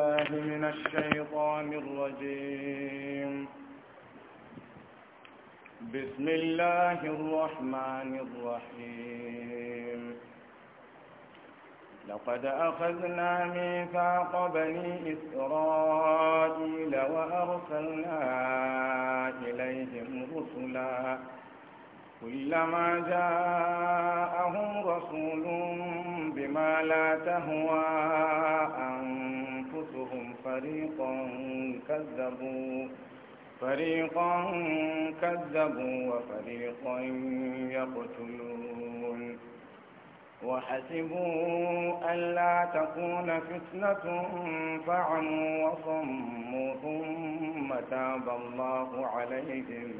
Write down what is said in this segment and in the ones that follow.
بالله من الشيطان الرجيم بسم الله الرحمن الرحيم لقد أخذنا ميثاق بني إسرائيل وأرسلنا إليهم رسلا كلما جاءهم رسول بما لا تهوى أن فريقا كذبوا فريقا كذبوا وفريقا يقتلون وحسبوا ألا تكون فتنة فعموا وصموا ثم تاب الله عليهم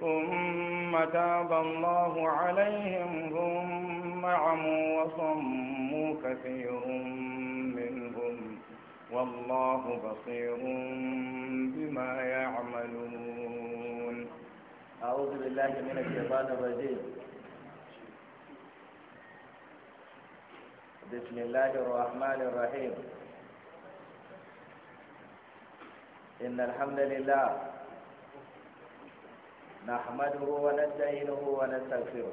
ثم تاب الله عليهم ثم عموا وصموا كثير والله بصير بما يعملون أعوذ بالله من الشيطان الرجيم بسم الله الرحمن الرحيم إن الحمد لله نحمده ونستعينه ونستغفره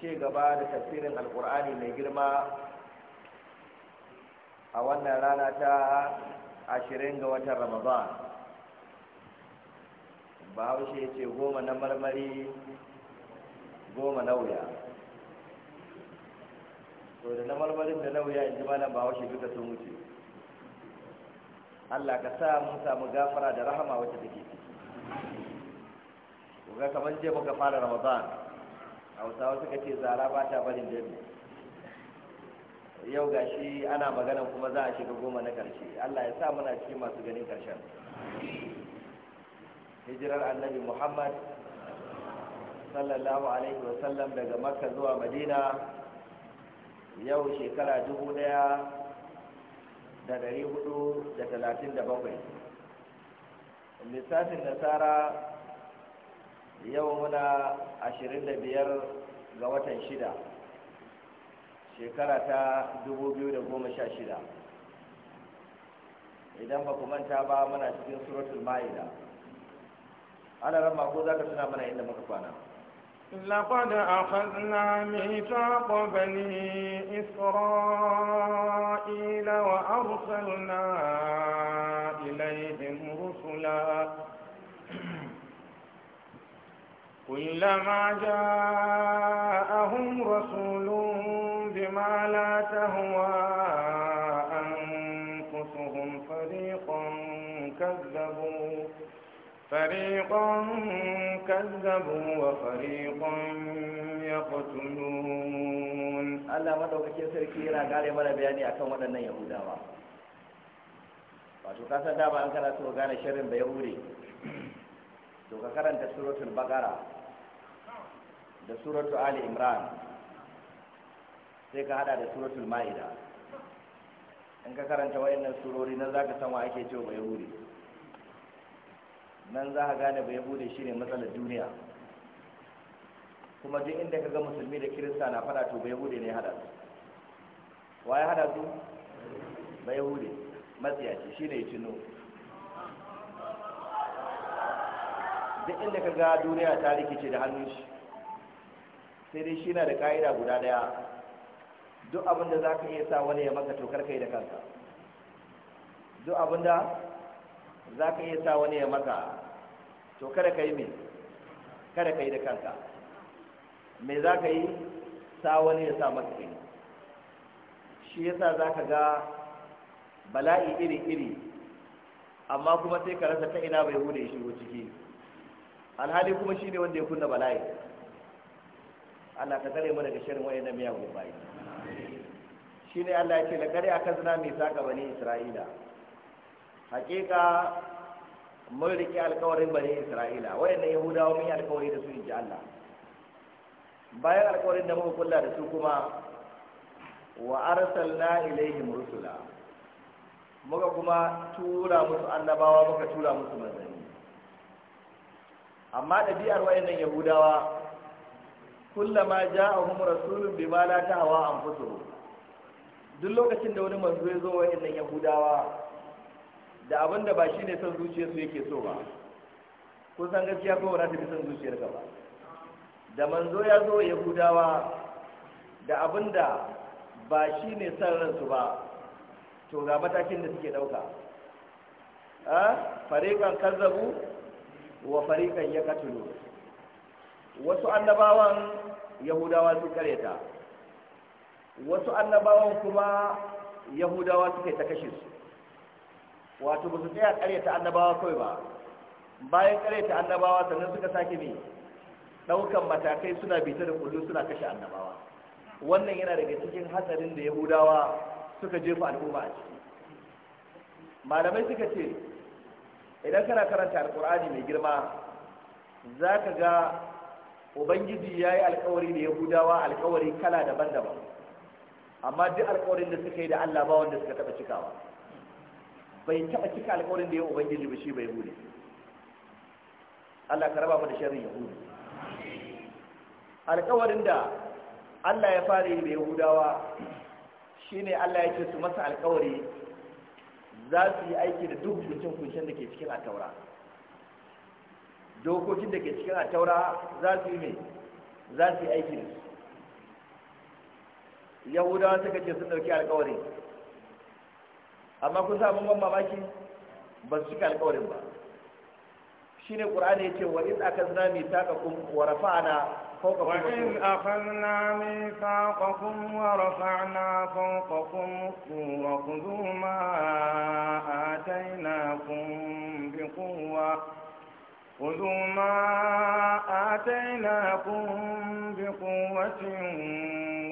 ce gaba da tafsirin alkur'ani mai girma a wannan rana ta ashirin ga watan ramadan bahaushe ce goma na marmari goma na wuya so da na marmarin da na wuya in ji malam bahaushe duka sun wuce allah ka sa mun samu gafara da rahama wacce take ciki ga kamar je muka fara ramadan hausawa suka ce zara ba ta barin dabi yau ga shi ana magana kuma za a shiga goma na ƙarshe allah ya sa muna cikin masu ganin karshen hijirar annabi muhammad sallallahu alaihi wasallam daga makka zuwa madina yau shekara dubu daya da dari hudu da talatin da bakwai lissafin nasara yau muna ashirin da biyar ga watan shida shekara ta shida, idan ba ku manta ba muna cikin suratul ma'ida ana rama ko za ka tuna mana inda muka kwana لقد أخذنا ميثاق بني إسرائيل وأرسلنا إليهم رسلا كلما جاءهم رسول بما لا تهوى أنفسهم فريقا كذبوا فريقا كذبوا وفريقا يقتلون الله ما دوك كيف سركي قال يا بياني أكون ودنا يهودا wato kasar dama an karatu gane shirin bai hure to ka karanta suratul bakara da suratu ali imran sai ka hada da suratul ma'ida in ka karanta wayannan surori nan za ka san wa ake cewa bai hude nan za ka gane bai shi shine matsalar duniya kuma duk inda ka ga musulmi da kirista na fada to bai hude ne hada Wa ya hada su bai matsiya matsiyaci shine ya cino duk inda ka ga duniya ta rikice da hannun shi sai dai shi na da ka'ida guda daya duk abinda za ka iya sa wani ya maka tokar kai da kanka duk abinda za ka iya sa wani ya maka to kada ka yi mai kada ka yi da kanka me za ka yi sa wani ya sa maka kai shi sa za ka ga bala'i iri-iri amma kuma sai ka rasa ta ina bai hude shigo ciki alhali kuma shi ne wanda ya kunna bala'i Allah ka tsare mu daga shirin wayannan miyagun bayi ne Allah ya ce laqad akazna saka bani isra'ila Hakika mun riƙe alƙawarin bani isra'ila wayannan yahudawa mun yi alƙawari da su inji Allah bayan alƙawarin da muka kulla da su kuma wa arsalna ilaihim rusula muka kuma tura musu annabawa muka tura musu manzanni amma da biyar wayannan yahudawa kullama ja'ahum rasulun bima hawa an anfusuhum duk lokacin da wani manzo ya zo wa'annan yahudawa da abin da ba shi ne son zuciyarsu yake so ba kun san gaskiya ko wani tafi son zuciyar ka ba da manzo ya zo yahudawa da abin da ba shi ne son ransu ba to ga matakin da suke ɗauka fariƙan kazzabu wa fariƙan ya katulu wasu annabawan yahudawa sun karyata wasu annabawan kuma yahudawa suka yi ta kashe su wato ba su tsaya karyata annabawa kawai ba bayan karyata annabawa sannan suka sake ne ɗaukan matakai suna bita da kullu suna kashe annabawa wannan yana daga cikin hatsarin da yahudawa suka jefa al'umma a ciki malamai suka ce idan kana karanta alkur'ani mai girma za ka ga ubangiji ya yi alkawari da yahudawa alkawari kala daban-daban amma duk alkawarin da suka yi da allah ba wanda suka taɓa cikawa bai taɓa cika alkawarin da ya ubangiji ba shi bai hude allah ka raba mu da sharrin yahudu alkawarin da allah ya fara yi da yahudawa shine allah ya ce su masa alkawari za su yi aiki da duk kuncin-kuncin da ke cikin a taura dokokin da ke cikin a taura za su yi mai za su yi aikin yahudawa suka ce sun ɗauki alkawari amma kun samu ban mamaki ba su cika alkawarin ba shi ne ƙur'ani ya ce wa in aka zina mai taka kun wa na, fauka kuma wa خذوا ما آتيناكم بقوة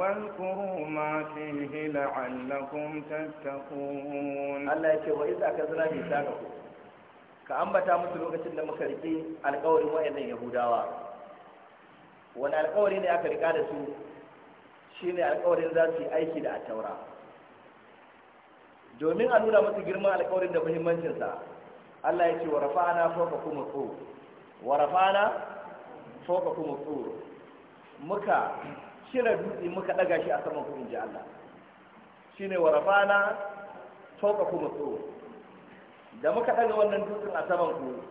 واذكروا ما فيه لعلكم تتقون الله يكي وإذ أكذنا ميثاقكم كأنبتا مثل وقت لما كركي القول وإن يهوداوا wani alkawari ne aka rika da su shine alkawarin za su yi aiki da attaura domin a nuna musu girman alkawarin da muhimmancinsa Allah ya ce wa rafa'ana fawqa kuma tsohu warafana soka kuma tsoro muka cire dutse muka daga shi a saman kuma inji Allah shine warafana soka kuma tsoro da muka daga wannan dutsen a saman kuma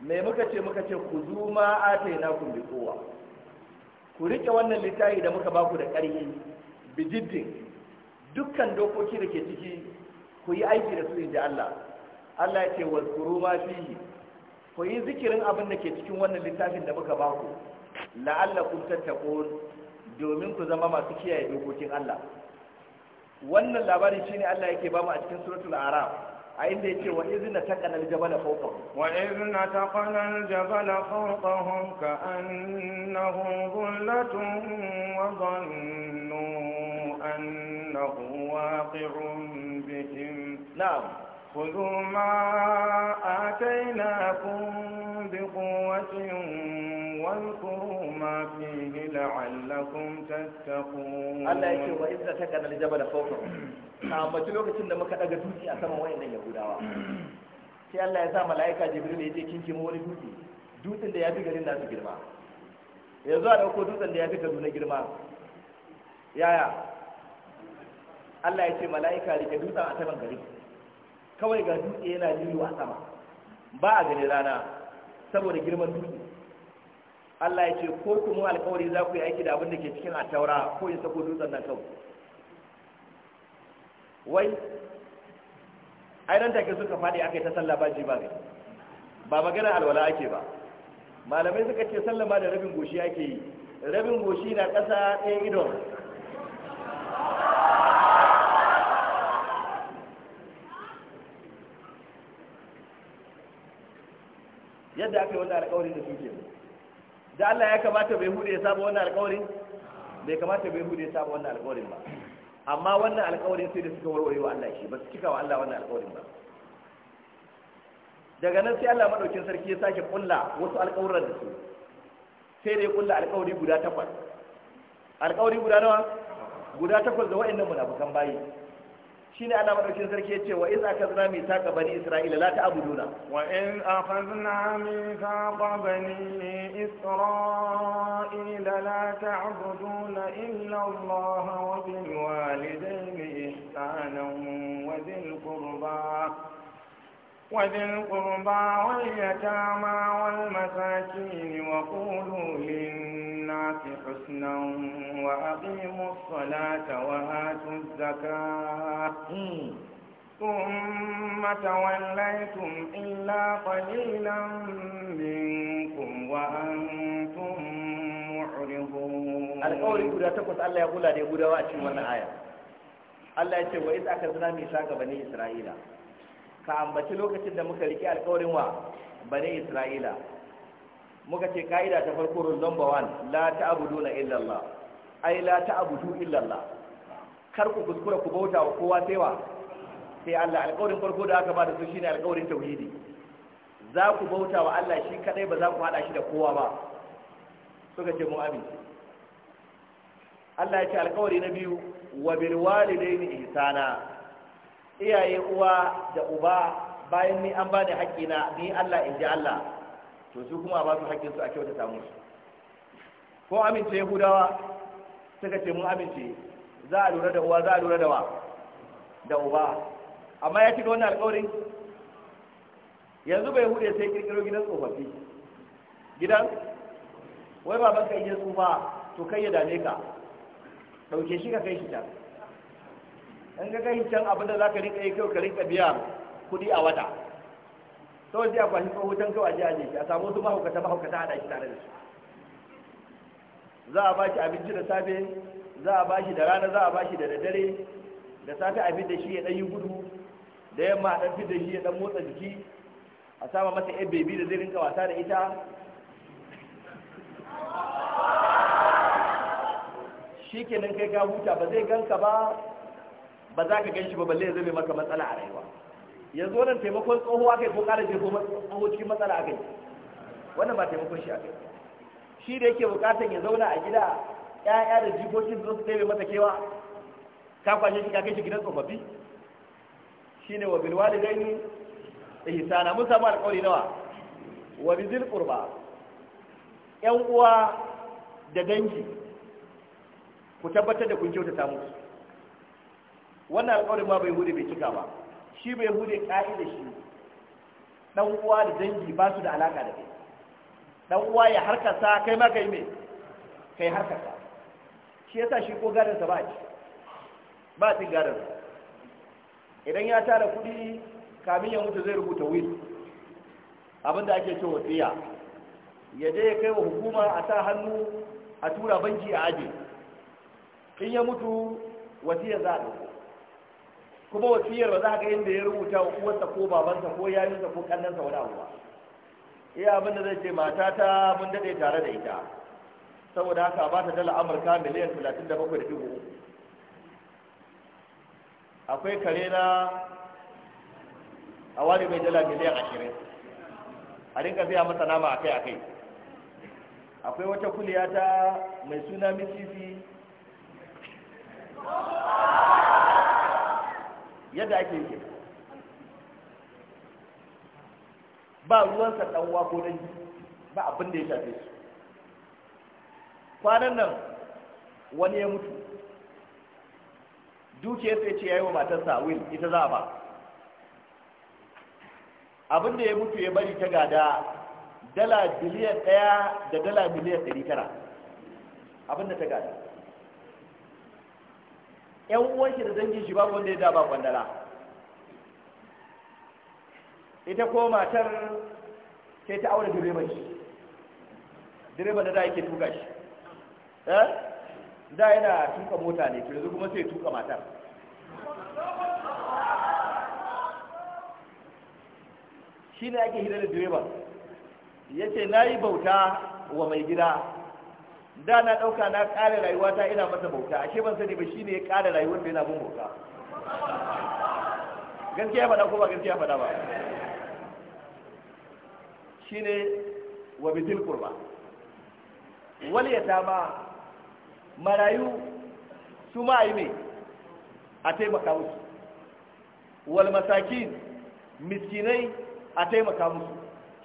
me muka ce muka ce ku zuma ataina kun bi kowa ku riƙe wannan littafi da muka baku da ƙarfi bijiddin dukkan dokoki da ke ciki ku yi aiki da su inji Allah Allah ya ce wasu ma fihi ku yi zikirin abin da ke cikin wannan littafin da muka baku la'allakum tattaqun domin ku zama masu kiyaye dokokin Allah wannan labari shine Allah yake mu a cikin suratul araf a inda yace wa izna taqana jabala fawqahum wa izna taqana jabala fawqahum ka'annahu dhullatun wa dhannu annahu waqi'un bihim na'am خذوا ما آتيناكم بقوة واذكروا ما فيه لعلكم تتقون الله يكي وإذا تكن الجبل فوقهم أما تلوك تند مكة أغدوتي أسمى وين يهوداوا sai Allah ya sa mala'ika Jibril ya je kinkimo wani dutse dutsen da ya fi garin nasu girma yanzu a dauko dutsen da ya fi Kaduna girma yaya Allah ya ce mala'ika rike dutsen a garin kawai ga dutse yana lilo a sama ba a gani rana saboda girman dutse Allah ya ce ko kuma alkawari za ku yi aiki da abin da ke cikin ataura ko in sako dutsen nan kawai wai ai nan take suka faɗi aka yi ta sallah ba ji ba gani ba magana alwala ake ba malamai suka ce sallama da rabin goshi ake yi rabin goshi na ƙasa ɗaya idon yadda aka yi wannan alƙawarin da suke da Allah ya kamata bai hude ya saba wannan alƙawarin bai kamata bai hude ya saba wannan alƙawarin ba amma wannan alƙawarin sai da suka warware wa Allah shi ba su cika wa Allah wannan alƙawarin ba daga nan sai Allah madaukin sarki ya sake kulla wasu alkawuran da su sai da ya kulla alkawari guda takwas alkawari guda nawa guda takwas da wa'annan munafukan bayi shine Allah madaukin sarki yace wa iz akazna mithaqa bani isra'ila la ta'buduna wa in akhadna mithaqa bani isra'ila la ta'buduna illa Allah wa bil walidayni ihsanan wa dhil qurba وذي القربى واليتامى والمساكين وقولوا للناس للناس حسنا وأقيموا الصلاة وآتوا الزكاة ثم توليتم إلا قليلا منكم وأنتم معرضون القول يقول تقول الله يقول لي يقول وأتي وانا آية الله يقول وإذ أخذنا ميثاق بني إسرائيل ka ambaci lokacin da muka riƙe alƙawarin wa bani isra'ila muka ce ka'ida ta farko rule number one la ta'buduna illa illallah. ai la ta'budu illa illallah. kar ku kuskura ku bauta wa kowa sai wa sai Allah alƙawarin farko da aka bada su shine alƙawarin tauhidi za ku bauta wa Allah shi kadai ba za ku hada shi da kowa ba suka ce mu amince Allah ya ce alƙawari na biyu wa bil walidaini ihsana iyaye uwa da uba bayan ni an bani haƙƙina ni Allah in ji Allah to su kuma ba su hakkin su a ta musu ko amince yahudawa suka ce mun amince za a lura da uwa za a lura da wa da uba amma ya cika wannan alƙawarin yanzu bai hude sai kirkiro gidan tsofaffi gidan wai baban ka iya tsufa to kai ya dame ka dauke shi ka kai shi can in ka kai can abinda za ka riƙa yi kyau ka riƙa biya kuɗi a wata kawai sai akwai kwashi tsoho can kawai aje aje shi a samu wasu mahaukata mahaukata haɗa shi tare da su za a bashi abinci da safe za a bashi da rana za a bashi da daddare da safe abin da shi ya ɗan yi gudu da yamma a ɗan fi da shi ya ɗan motsa jiki a sama masa yan bebi da zai rinka wasa da ita shi kenan kai ka huta ba zai ganka ba ba za ka gan shi ba balle ya zame maka matsala a rayuwa yanzu wannan taimakon tsoho aka yi ko ƙara jefo tsoho cikin matsala aka yi wannan ba taimakon shi aka yi shi da yake buƙatar ya zauna a gida ƴaƴa da jikokin su taimaka mata kewa ka kwashe shi ka kai shi gidan tsofaffi Shi ne wa bil walidaini ihsana mun samu alƙawari nawa wa bizil qurba ƴan uwa da dangi ku tabbatar da kun kyautata musu wannan alƙawarin ma bai hudu bai cika ba shi bai hude da shi dan uwa da dangi ba su da alaka da kai dan uwa ya harkarsa kai ma kai me kai harkarsa shi yasa shi ko gadarsa sa ba ci ba cin gadon idan ya tara kuɗi kamin ya mutu zai rubuta wil abinda ake cewa wasiya ya je ya kai wa hukuma a sa hannu a tura banki a aje in ya mutu wasiya za a ɗauko kuma wasiyar ba za ka inda ya rubuta wa uwarsa ko babansa ko yayinsa ko kannansa wani abu ba iya abin da zai ce mata ta mun daɗe tare da ita saboda haka ba ta dala amurka miliyan talatin da bakwai da dubu akwai kare na a wani mai dala miliyan ashirin a rinka zai masa nama akai akai akwai wata kuliya ta mai suna misisi yadda ake yi ba ruwansa ɗanwa ko dangi ba abin da ya shafe su kwanan nan wani ya mutu dukiya sai ce ya yi wa matarsa will ita za a ba abin da ya mutu ya bari ta gada dala biliyan ɗaya da dala miliyan ɗari tara abin da ta gada yan uwan shi da dangin shi babu wanda ya da ba kwandala ita ko matar sai ta aure direban shi direban da da yake tuka shi eh da yana tuka mota ne to yanzu kuma sai tuka matar shi ne ake hidar da direban ya ce na yi bauta wa mai gida da na ɗauka na ƙara rayuwa ta ina masa bauta ashe ban sani ba shine ya ƙara rayuwar da yana mun bauta gaskiya faɗa ko ba gaskiya faɗa ba shine wa bitil qurba wal yatama marayu su ma yi ne a taimaka musu wal masakin miskinai a taimaka musu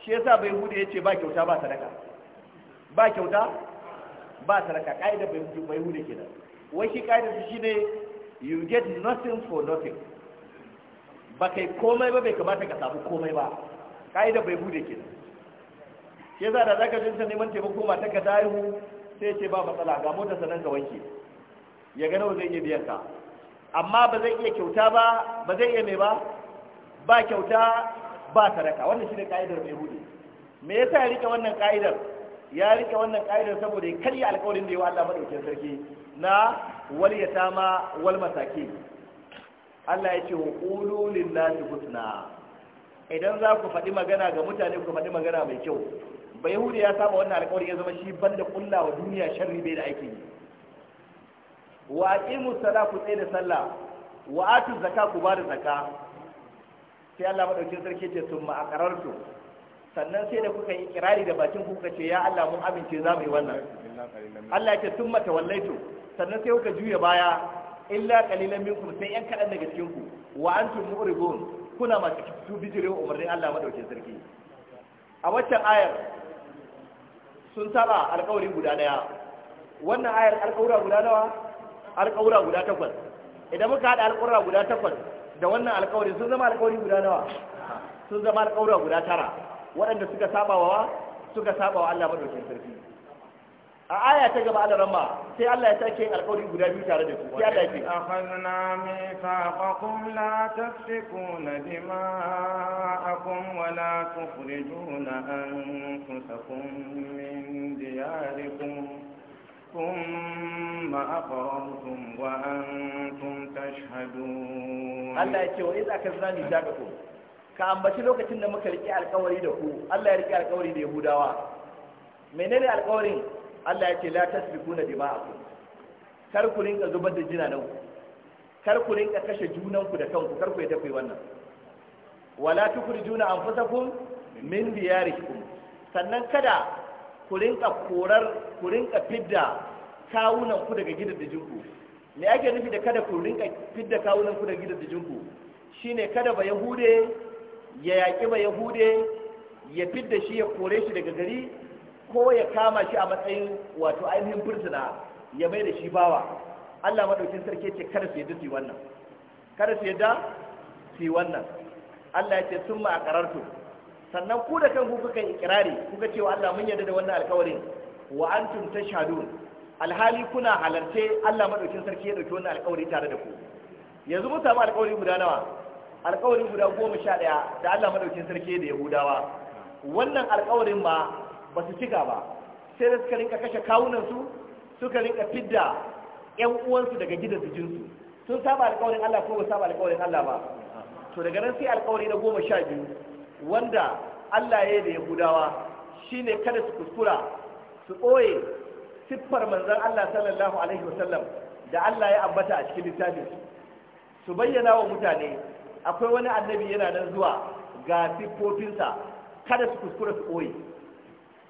shi yasa bai hude yace ba kyauta ba sadaka ba kyauta ba raka ƙa'ida bai hude kenan wai shi ƙa'ida su shine you get nothing for nothing ba kai komai ba bai kamata ka samu komai ba ƙa'ida bai hude kenan shi za da zaka jinta neman taimako mata ka dahu sai ce ba matsala ga mota sanan ka wanke ya ga nawa zai iya biyan ka amma ba zai iya kyauta ba ba zai iya mai ba ba kyauta ba sadaka wannan shine kaidar mai hude me yasa ya rike wannan kaidar ya rike wannan ka'idar saboda ya karya alkawarin da ya wa Allah madaukakin sarki na wal yatama wal masaki Allah ya ce wa qulu lillahi husna idan za ku faɗi magana ga mutane ku faɗi magana mai kyau ba yahudi ya saba wannan alkawari ya zama shi banda kulla wa duniya sharri bai da aikin yi wa aqimu ku tsaye da sallah wa atu ku ba da zakka sai Allah madaukakin sarki ya ce summa aqrartu sannan sai da kuka yi kirari da bakin kuka ce ya Allah mun amince za mu yi wannan Allah ya sun mata wallaito sannan sai kuka juya baya illa qalilan minkum sai yan kadan daga cikin ku wa antum mu'ridun kuna ma cikin bijire umarnin Allah madauke sarki a waccan ayar sun saba alƙawari guda daya wannan ayar alƙawura guda nawa alƙawura guda takwas idan muka hada alƙawura guda takwas da wannan alƙawari sun zama alƙawari guda nawa sun zama alƙawura guda tara waɗanda suka sabawa suka sabawa Allah madaukakin sarki a aya ta gaba Allah ramma sai Allah ya sake alƙawari guda biyu tare da su sai Allah ya ce akhadna mithaqakum la tasfikuna dima'akum wa la tukhrijuna anfusakum min diyarikum ثم أقررتم وأنتم تشهدون الله يقول إذا كذبني ذاككم ka ambaci lokacin da muka riƙe alƙawari da ku Allah ya riƙe alƙawari da Yahudawa menene alƙawarin Allah ya ce la tasbikuna dima'ku kar ku rinka zubar da jina nan kar ku rinka kashe junanku da kanku kar ku yi tafi wannan wala tukrijuna anfusakum min diyarikum sannan kada ku rinka korar ku rinka fidda kawunan ku daga ku. me ake nufi da kada ku rinka fidda kawunan ku daga ku shine kada ba yahude ya yaƙi ba yahude ya fidda shi ya kore shi daga gari ko ya kama shi a matsayin wato ainihin fursuna ya mai da shi bawa Allah maɗaukin sarki ce kada su yadda su yi wannan kada su yadda su yi wannan Allah ya ce sun ma a kararto sannan ku da kanku kuka yi ikirari kuka cewa Allah mun yarda da wannan alkawarin wa ta alhali kuna halarce Allah maɗaukin sarki ya ɗauki wannan alkawari tare da ku yanzu mun samu alkawari guda nawa alkawarin guda goma sha ɗaya da Allah madaukin sarki da Yahudawa wannan alkawarin ma ba su cika ba sai da suka rinka kashe kawunansu suka rinka fidda ƴan uwansu daga gidansu jinsu sun saba alkawarin Allah ko ba saba alkawarin Allah ba to daga nan sai alkawari na goma sha biyu wanda Allah ya yi da Yahudawa shine kada su kuskura su ɓoye siffar manzon Allah sallallahu alaihi wasallam da Allah ya ambata a cikin littafin su bayyana wa mutane akwai wani annabi yana nan zuwa ga siffofinsa kada su kuskura su koyi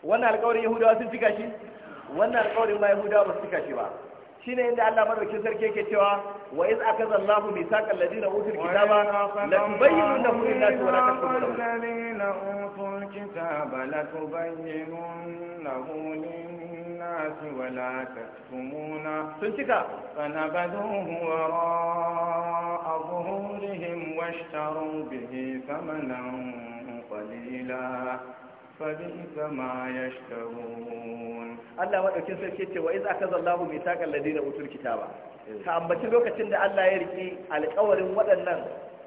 wannan alƙawarin yahudawa sun cika shi wannan alƙawarin ma yahudawa ba cika shi ba shine inda Allah madaukakin sarki yake cewa wa iz akaza Allahu mithaqal ladina utul kitaba la tubayyinunahu lin-nasi wa la taktubunahu ladina utul kitaba la tubayyinunahu lin الناس ولا تكتمون سنتك فنبذوه وراء ظهورهم واشتروا به ثمنا قليلا فبئس ما يشترون الله wadaukin sarki ce wa iz akaza Allahu mithaqal ladina utul kitaba ka ambaci lokacin da Allah ya riki alƙawarin waɗannan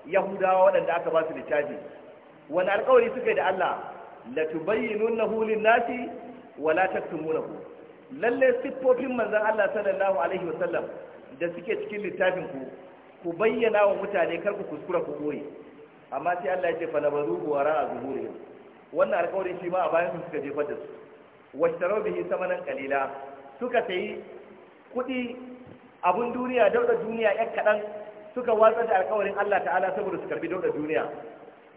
Yahudawa waɗanda aka basu su littafi wani alƙawari suka yi da Allah la tubayyinunahu lin lalle siffofin manzan Allah sallallahu alaihi wasallam da suke cikin littafin ku ku bayyana wa mutane kar ku kuskura ku goye amma sai Allah ya ce fa nabaru wara a zuhuri wannan alƙawarin shi ma a bayan su suka jefa da su washtarau bihi samanan qalila suka sayi kuɗi abun duniya dauda duniya yan kaɗan suka watsa da alƙawarin Allah ta'ala saboda su karbi dauda duniya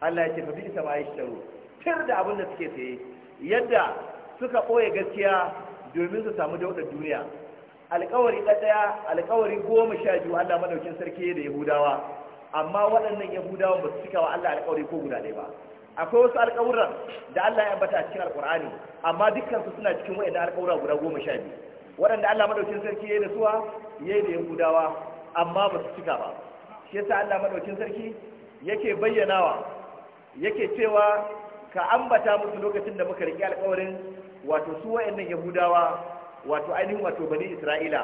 Allah ya ce fa bi isa ma tsaro. tir da abun da suke sayi yadda suka ɓoye gaskiya domin su samu daudar duniya alkawari ɗaya alkawari goma sha biyu Allah madaukin sarki da Yahudawa amma waɗannan Yahudawa ba su cika wa Allah alkawari ko guda ɗaya ba akwai wasu alkawuran da Allah ya ambata a cikin alkur'ani amma dukkan su suna cikin waɗannan alkawura guda goma sha biyu waɗanda Allah madaukin sarki ya yi da suwa ya yi da Yahudawa amma ba su cika ba shi yasa Allah madaukin sarki yake bayyanawa yake cewa ka ambata musu lokacin da muka riƙe alkawarin wato su wa'annan yahudawa wato ainihin wato bani isra'ila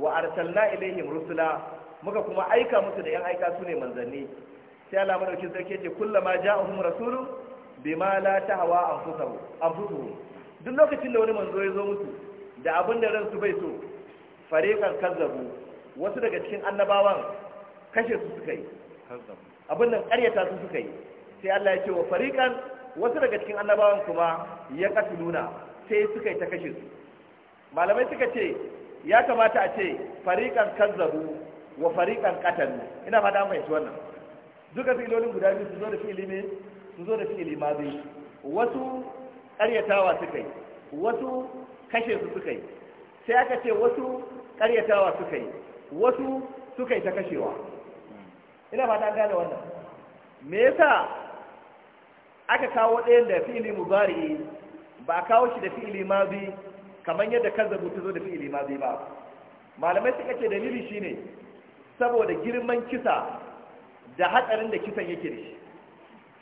wa arsalna ilaihim rusula muka kuma aika musu da yan aika su ne manzanni sai Allah madaukin sarki yace kullama ja'ahum rasulun bima la tahwa anfusuhum anfusuhum duk lokacin da wani manzo ya zo musu da abin da ransu bai so fariqan kazzabu wasu daga cikin annabawan kashe su suka yi abin nan ƙaryata su suka yi sai Allah ya ce wa fariqan wasu daga cikin annabawan kuma ya katuluna sai suka yi ta kashe su malamai suka ce ya kamata a ce fariƙan kazzabu wa fariƙan qatalu ina fata an fahimci wannan duka fi'ilolin guda biyu su zo da fi'ili ne su zo da fi'ili ma zai wasu ƙaryatawa suka yi wasu kashe su suka yi sai aka ce wasu ƙaryatawa suka yi wasu suka yi ta kashewa ina fata an gane wannan me yasa aka kawo ɗayan da fi'ili bari? ba kawo shi da fi'ili mazi kamar yadda kazzabu ta zo da fi'ili mazi ba malamai suka ce dalili shine saboda girman kisa da hatsarin da kisan yake da shi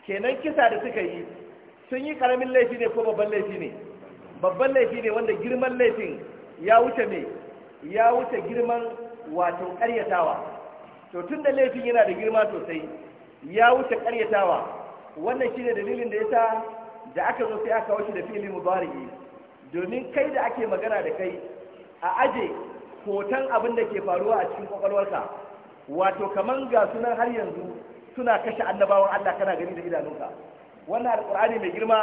kenan kisa da suka yi sun yi karamin laifi ne ko babban laifi ne babban laifi ne wanda girman laifin ya wuce me ya wuce girman wato karyatawa to tun da laifin yana da girma sosai ya wuce karyatawa wannan shine dalilin da yasa da aka zo sai aka kawo shi da fili mudari'i domin kai da ake magana da kai a aje hoton abin da ke faruwa a cikin kwakwalwarka wato kaman ga sunan har yanzu suna kashe annabawan Allah kana gani da idanunka wannan alqur'ani mai girma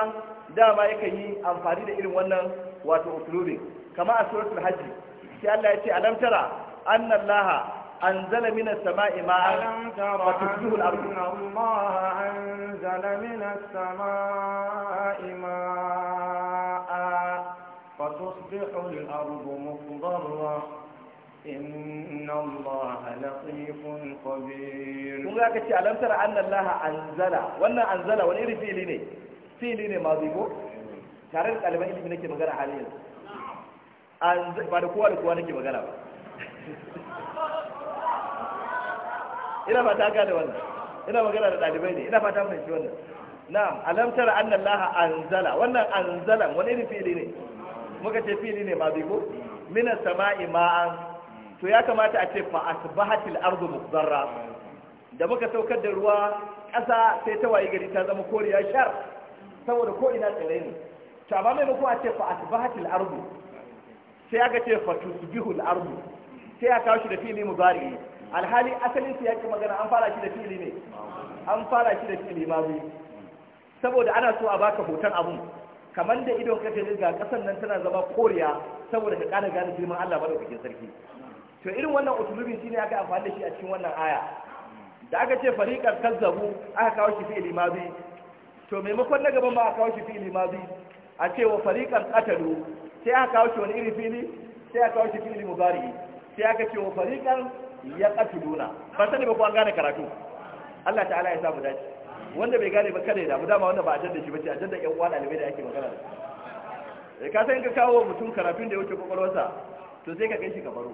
dama yakan yi amfani da irin wannan wato usulubi kamar a suratul hajji sai Allah ya ce alam tara anna أنزل من السماء ماء فتصبح الأرض أن الله أنزل من السماء ماء فتصبح الأرض مخضرة إن الله لطيف خبير kun ga alam tara anna Allah anzala wannan anzala wani iri fili ne fili ne ma ko tare da ɗaliban ilimi nake magana hali yanzu ba da kowa da kowa nake magana ba ina fata ga da wannan ina magana da dalibai ne ina fata mun shi wannan na'am alam tara anna allaha anzala wannan anzala wani irin fili ne muka ce fili ne ba ko. minas sama'i ma'an to ya kamata a ce fa asbahatil ardu mukhdarra da muka saukar da ruwa ƙasa sai ta waye gari ta zama koriya shar saboda ko ina tsare ne to amma maimako a ce fa asbahatil ardu sai aka ce fa tusbihul ardu sai aka kawo shi da fili mudari alhali asalin su yake magana an fara shi da fili ne an fara shi da fili ma mazi saboda ana so a baka hoton abun kamar da idon ka ga ga kasan nan tana zama koriya saboda ka ƙara gane girman Allah madaukakin sarki to irin wannan usulubin shine aka amfani da shi a cikin wannan aya da aka ce fariqan kazzabu aka kawo shi fili ma mazi to maimakon na gaban ba aka kawo shi fili ma mazi a ce wa fariqan qatalu sai aka kawo shi wani iri fili sai aka kawo shi fili mubari sai aka ce wa fariqan ya duna ba sani ba ko an gane karatu Allah ta'ala ya samu dace wanda bai gane ba kada ya damu dama wanda ba a da shi ba ce, a da ƴan uwa dalibai da ake magana da eh, ka san ka kawo mutum karatun da ya wuce kwakwalwarsa to sai ka gan shi ka baro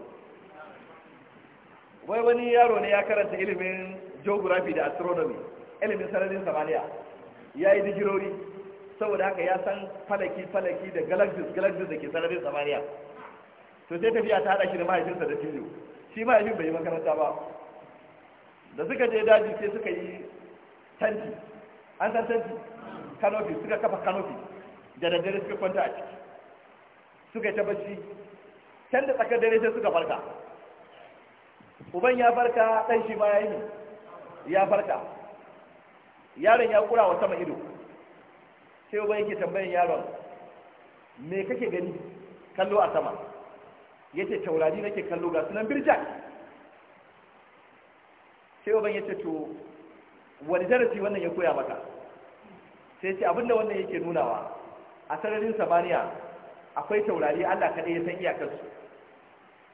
wai wani yaro ne ya karanta ilimin geography da astronomy ilimin sararin samaniya ya yi digirori saboda haka ya san falaki falaki da galaxies galaxies da ke sararin samaniya to sai tafiya ta hada shi da mahaifinsa da tilo shi ma bai yi makaranta ba da suka je daji sai suka yi tanti an san tanti kanofi suka kafa kanofi da daddare suka kwanta a ciki suka ta bacci can da tsakar dare sai suka farka uban ya farka ɗan shi ma ya yi ya farka yaron ya kura wa sama ido sai uban yake tambayin yaron me kake gani kallo a sama yace taurari nake kallo ga sunan birjan sai uban yace to wani darasi wannan ya koya maka sai ce abinda wannan yake nunawa a sararin samaniya akwai taurari Allah kaɗai ya san iyakarsu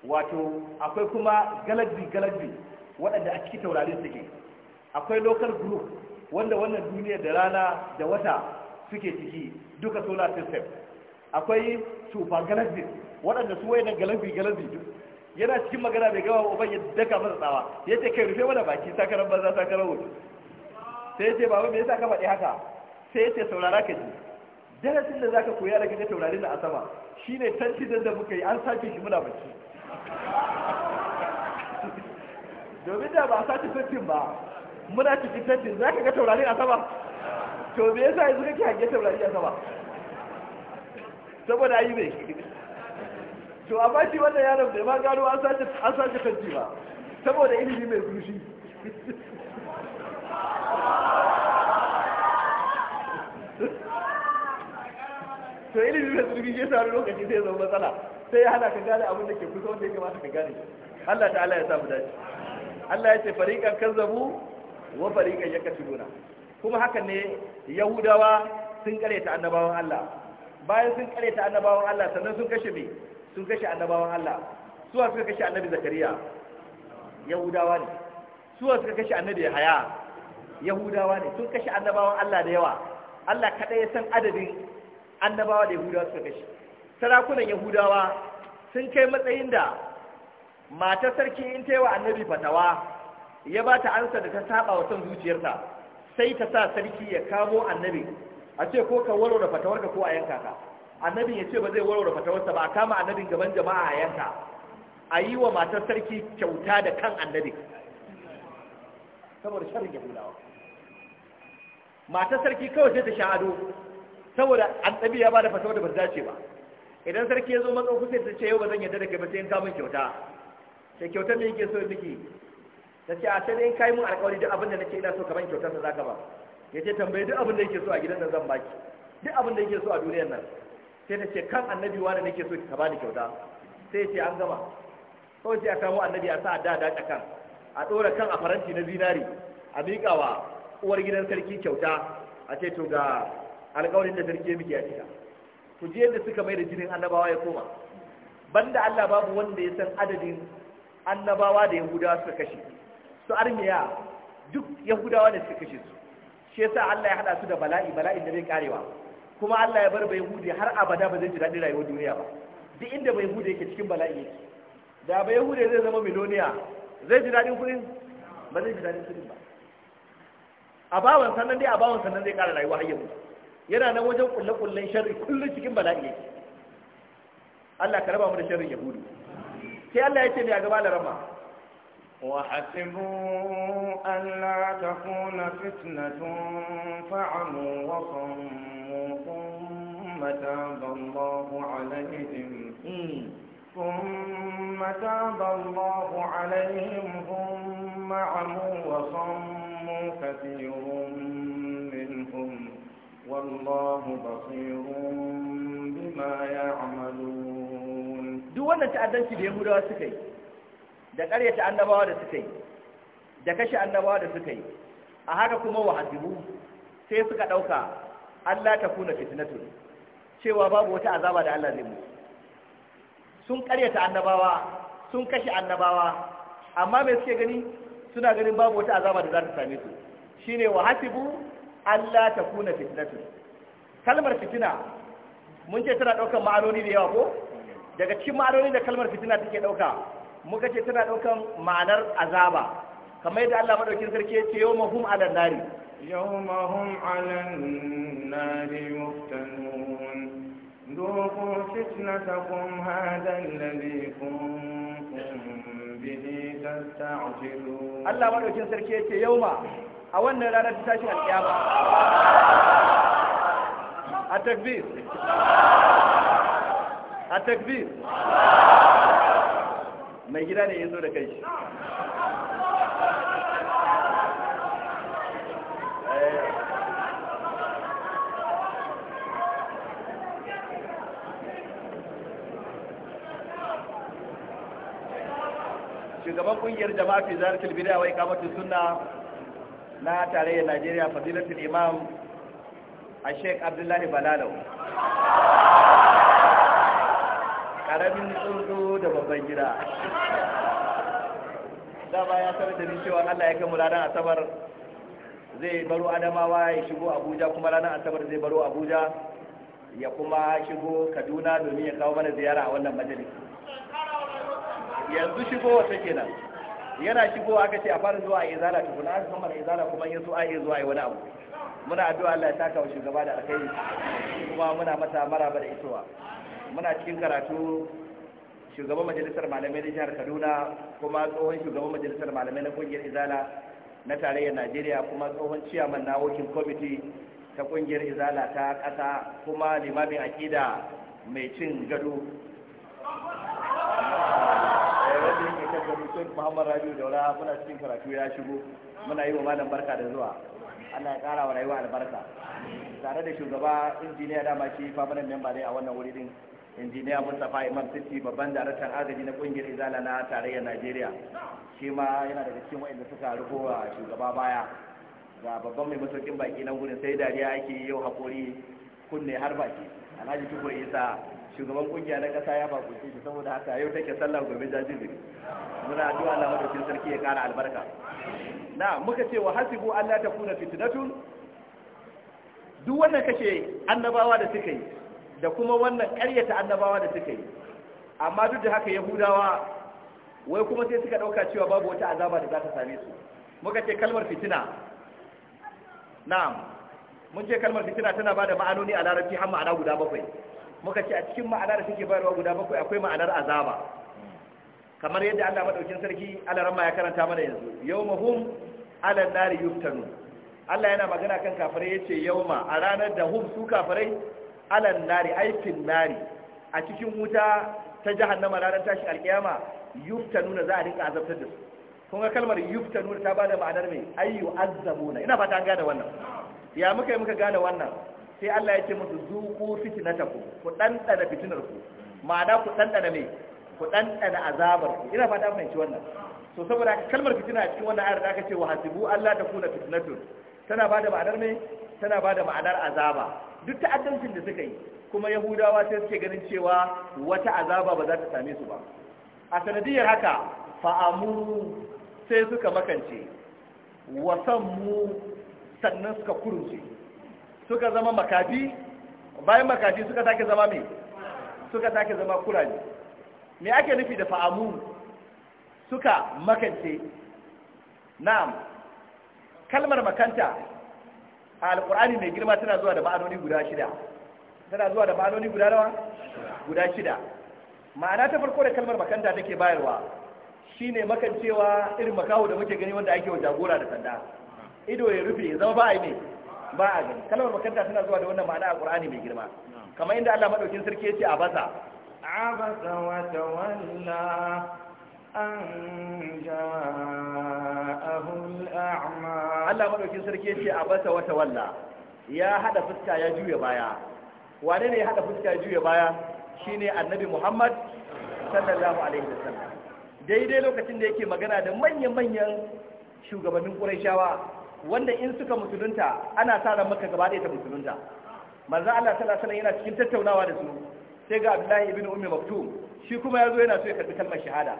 wato akwai kuma galaxy galaxy waɗanda a ciki taurarin suke akwai local group wanda wannan duniya da rana da wata suke ciki duka solar system akwai tufa galazi waɗanda su wayan galazi galazi yana cikin magana bai gama uban ya daka masa tsawa ya ce kai rufe mana baki sakaran banza sakaran wuce sai ya ce baba me yasa ka faɗi haka sai ya ce saurara ka ji darasin da zaka koya daga ta taurarin na asama shine tantidan da muka yi an sace shi muna bacci domin da ba a sace tantin ba muna cikin tantin zaka ga taurarin asama to me yasa yanzu kake hange taurarin asama saboda yi bai to a bashi wannan yaron da ma gano an sace an sace kanti ba saboda ilimi mai zurfi to ilimi mai zurfi ya sa lokaci sai zama matsala sai ya hana ka gane abin da ke kusa wanda ya kamata ka gane Allah ta'ala ya samu dace Allah ya ce fariqan kazzabu wa fariqan yakatibuna kuma hakan ne yahudawa sun kare ta annabawan Allah bayan sun kare ta annabawan Allah sannan sun kashe mai sun kashe annabawan Allah suwa suka kashe annabi zakariya yahudawa ne suwa suka kashe annabi haya yahudawa ne sun kashe annabawan Allah da yawa Allah kaɗai ya san adadin annabawa da yahudawa suka kashe sarakunan yahudawa sun kai matsayin da mata sarki in ta yi wa annabi fatawa ya ba ta ansa da ta saba wa son zuciyarta sai ta sa sarki ya kamo annabi a ce ko ka warware fatawarka ko a yanka ka annabin ya ce ba zai warware fatawarsa ba a kama annabin gaban jama'a a yanka a yi wa matar sarki kyauta da kan annabi saboda sharrin yahudawa matar sarki kawai sai ta sha ado saboda annabi ya bada fatawar da ba dace ba idan sarki ya zo matsa kusa ta ce yau ba zan yarda da kai ba sai in kamun kyauta sai kyautar da yake so miki ta ce a sai in kai mun alƙawari duk abin da nake ina so kaman kyautar sa zaka ba ya ce tambayi duk abin da yake so a gidan nan zan baki duk abin da yake so a duniyar nan sai ta ce kan annabi da nake so ka bani kyauta sai ce an gama kawai sai a kamo annabi a sa a dada kan a ɗora kan a faranti na zinari a miƙa wa uwar gidan sarki kyauta a ce to ga alƙawarin da sarki ya miki ya cika ku je yadda suka mai da jinin annabawa ya koma banda Allah babu wanda ya san adadin annabawa da yahudawa suka kashe su armiya duk yahudawa da suka kashe su shi yasa Allah ya hada su da bala'i bala'in da bai karewa kuma Allah ya bar bai hude har abada ba zai ji daɗin rayuwar duniya ba duk inda bai hude yake cikin bala'i yake da bai hude zai zama miloniya zai ji daɗin kuɗin ba zai ji daɗin kuɗin ba a bawan sannan dai a bawan sannan zai ƙara rayuwa har yanzu yana nan wajen kulle-kullen sharri kullum cikin bala'i yake Allah ka raba mu da ya yahudu sai Allah ya ce ne a gaba da rama وحسبوا ألا تكون فتنة فعموا وصموا ثم تاب الله عليهم ثم تاب الله عليهم ثم عموا وصموا كثير منهم والله بصير بما يعملون دون في اليهود والسكين da ƙaryata annabawa da suka yi da kashe annabawa da suka yi a haka kuma wa sai suka ɗauka Allah ta kuna fitnatu cewa babu wata azaba da Allah zai musu sun ƙaryata annabawa sun kashe annabawa amma me suke gani suna ganin babu wata azaba da za ta same su shine wa hasibu Allah ta kuna fitnatu kalmar fitina mun ce tana ɗaukar ma'anoni da yawa ko daga cikin ma'anoni da kalmar fitina take ɗauka muka ce tana ɗaukan ma'anar azaba kamar yadda Allah madaukin sarki ya ce yau mahum alan nari yau mahum alan nari muftanun doko fitna ta kun hadan lalle Allah madaukin sarki ya ce yau ma a wannan ta tashin alƙiyama a takbir a takbir mai gida ne ya zo da kai shi shugaban kungiyar jama'a fi zaratul kilbida wa iqamatus suna na tarayyar Najeriya fadilatul imam a Sheikh Abdullahi Balalau karamin tsuntsu da babban gida dama ya sanar da ni cewa Allah ya kama ranar asabar zai baro adamawa ya shigo abuja kuma ranar asabar zai baro abuja ya kuma shigo kaduna domin ya kawo mana ziyara a wannan majalisi yanzu shigo wata kenan yana shigo aka ce a fara zuwa a izala na aka kamar izala kuma yin su a zuwa yi wani abu muna addu'a Allah ya saka wa shugaba da alkhairi kuma muna mata maraba da isowa muna cikin karatu shugaban majalisar malamai na jihar kaduna kuma tsohon shugaban majalisar malamai na kungiyar izala na tarayyar najeriya kuma tsohon ciyaman na working committee ta kungiyar izala ta ƙasa kuma limamin akida mai cin gado eh, rabiu daura muna cikin karatu ya shigo muna yi wa malam barka da zuwa ana ya kara wa rayuwa albarka tare da shugaba injiniya dama shi famanin memba ne a wannan wuri din injiniya mustapha imam sisi babban daraktan agaji na kungiyar izala na tarayyar najeriya shi ma yana daga cikin wa'inda suka a shugaba baya ga babban mai masaukin baki nan gurin sai dariya ake yau haƙori kunne har baki alhaji tukur isa shugaban kungiya na kasa ya bakunce shi saboda haka yau take sallar gobe jajibiri muna addu'a Allah madaukakin sarki ya kara albarka na muka ce wa hasibu Allah ta kuna fitnatun duk wannan kashe annabawa da suka yi da kuma wannan ta annabawa da suka yi amma duk da haka yahudawa wai kuma sai suka dauka cewa babu wata azaba da za ta same su muka ce kalmar fitina na'am mun ce kalmar fitina tana ba da ma'anoni a larabci har ma'ana guda bakwai muka ce a cikin ma'anar da suke bayarwa guda bakwai akwai ma'anar azaba kamar yadda Allah madaukin sarki alaramma ya karanta mana yanzu yawma hum ala nari yuftanu Allah yana magana kan kafirai yace yawma a ranar da hum su kafirai alan nari aikin nari a cikin wuta ta jahannama ranar tashin alkiyama yufta nuna za a rinka azabtar da su kun ga kalmar yufta nuna ta bada ma'anar mai ayyu azzabuna ina fata an gane wannan ya muka yi muka gane wannan sai Allah ya ce musu zuku fitinata ku dandana fitinar ku ma'ana ku dandana mai ku dandana azabar ku ina fata an fahimci wannan so saboda kalmar fitina a cikin wannan ayar da aka ce wa hasibu Allah ta kuna fitnatun tana bada ma'anar mai tana bada ma'anar azaba duk ta'addancin da suka yi kuma yahudawa sai suke ganin cewa wata azaba ba za ta same su ba a sanadiyar haka fa'amu sai suka makance wasanmu sannan suka kurunce suka zama makafi bayan makafi suka take zama mai suka take zama kurani me ake nufi da fa'amu suka makance na'am kalmar makanta a alƙur'ani mai girma tana zuwa da ma'anoni guda shida tana zuwa da ma'anoni guda nawa guda shida ma'ana ta farko da kalmar makanta take bayarwa shine makancewa irin makaho da muke gani wanda ake wa jagora da sanda ido ya rufe ya zama ba a yi ne ba a gani kalmar makanta tana zuwa da wannan ma'ana a ƙur'ani mai girma kamar inda Allah madaukin sarki ya ce a basa abasa wa tawalla an ja'ahul a'ma Allah madaukin sarki yace abasa wata walla. ya hada fuska ya juya baya wane ne ya hada fuska ya juya baya shine annabi Muhammad sallallahu alaihi wasallam daidai lokacin da yake magana da manyan-manyan shugabannin Qurayshawa wanda in suka musulunta ana sa maka gaba ɗaya ta musulunta manzo Allah sallallahu alaihi wasallam yana cikin tattaunawa da su sai ga Abdullahi ibn Ummi Maktum shi kuma yazo yana so ya karbi kalmar shahada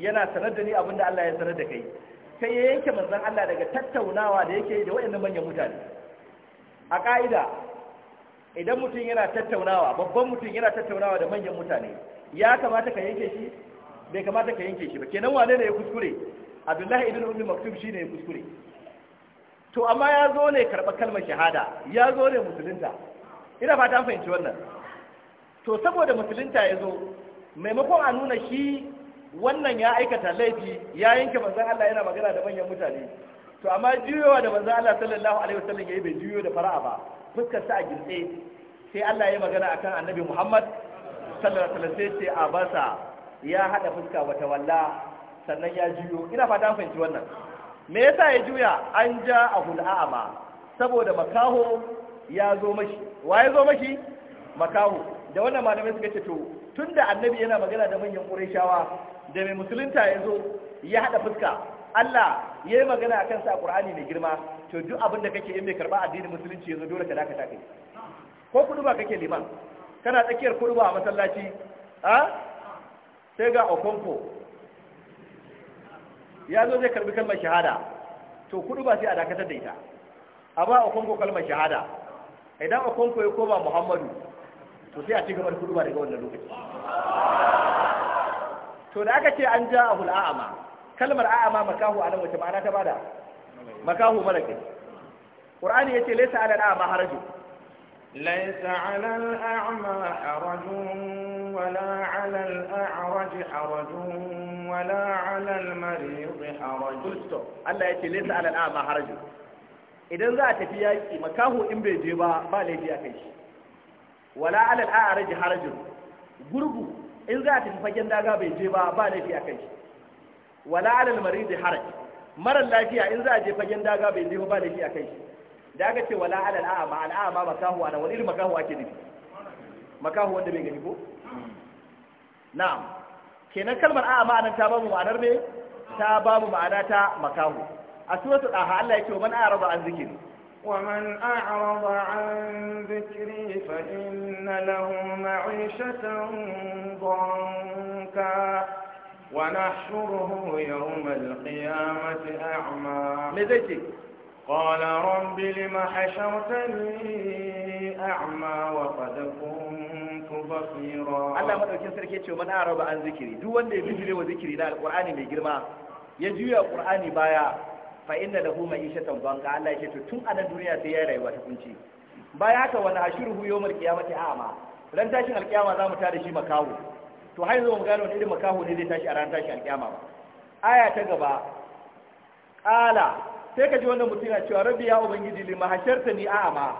yana sanar da ni abinda Allah ya sanar da kai sai ya yanke manzon Allah daga tattaunawa da yake da waɗannan manyan mutane a ka'ida idan mutum yana tattaunawa babban mutum yana tattaunawa da manyan mutane ya kamata ka yanke shi bai kamata ka yanke shi ba kenan wane ne ya kuskure abdullahi ibn ummi maktub shi ne ya kuskure to amma ya zo ne karɓar kalmar shahada ya zo ne musulunta ina fata fahimci wannan to saboda musulunta ya zo maimakon a nuna shi wannan ya aikata laifi ya yanke manzan Allah yana magana da manyan mutane to amma juyowa da manzan Allah sallallahu alaihi wasallam yayi bai juyo da fara'a ba fuskar sa a gintse sai Allah ya magana akan annabi Muhammad sallallahu alaihi wasallam sai a basa ya hada fuska wata walla sannan ya juyo ina fata an fahimci wannan me yasa ya juya an ja a a'ama saboda makaho ya zo mashi wa ya zo mashi makaho da wannan malamai suka ce to Tun da annabi yana magana da manyan ƙur'ashawa da mai musulunta ya zo ya haɗa fuska Allah ya yi magana a kansa a ƙur'ani mai girma to duk abin da kake yin mai karɓa addinin musulunci ya zo, dole ka dakata kai ko ba kake liman kana tsakiyar ba a masallaci a sai ga okonko ya zo zai karɓi kalmar shahada to ba sai a dakatar da ita a ba okonko kalmar shahada idan okonko ya koma muhammadu to sai a ci gaba da kuduba daga wannan lokaci to da aka ce an ja ahul a'ama kalmar a'ama makahu a nan wace ma'ana ta bada makahu mara qur'ani yace laysa 'ala al-a'ma harajun laysa 'ala al-a'ma harajun wala 'ala al-a'raj harajun ولا على المريض حرج Allah yace laysa 'ala al-a'ma harajun idan za a tafi yaki makahu in bai je ba ba laifi a kai shi wala alal a'raj harajun. gurgu in za a tafi fagen daga bai je ba ba laifi a kai wala alal marid haraj mara lafiya in za a je fagen daga bai je ba laifi a kai da aka ce wala alal a'ma al a'ma makahu ana wani irin makahu ake nufi makahu wanda bai gani ko na'am kenan kalmar a'ma nan ta ba mu ma'anar me ta ba mu ma'ana ta makahu a suratul aha Allah yake wa man a'rada an zikri ومن أعرض عن ذكري فإن له معيشة ضنكا ونحشره يوم القيامة أعمى لذلك قال رب لم حشرتني أعمى وقد كنت بصيرا الله مدوكين سركي من أعرض عن ذكري دو وندي بجري وذكري لا القرآن بيجرما يجوي القرآن بايا fa inna lahu ma'ishatan banka Allah ya ce to tun a nan duniya sai ya rayuwa ta kunci bayan haka wani ashiruhu yawmal qiyamati a'ma ran tashin alqiyama za mu da shi makaho to har yanzu mu gano wani irin makaho ne zai tashi a ran tashin alqiyama ba aya ta gaba qala sai ka ji wannan mutum ya cewa rabbi ya ubangiji li mahasharta ni a'ma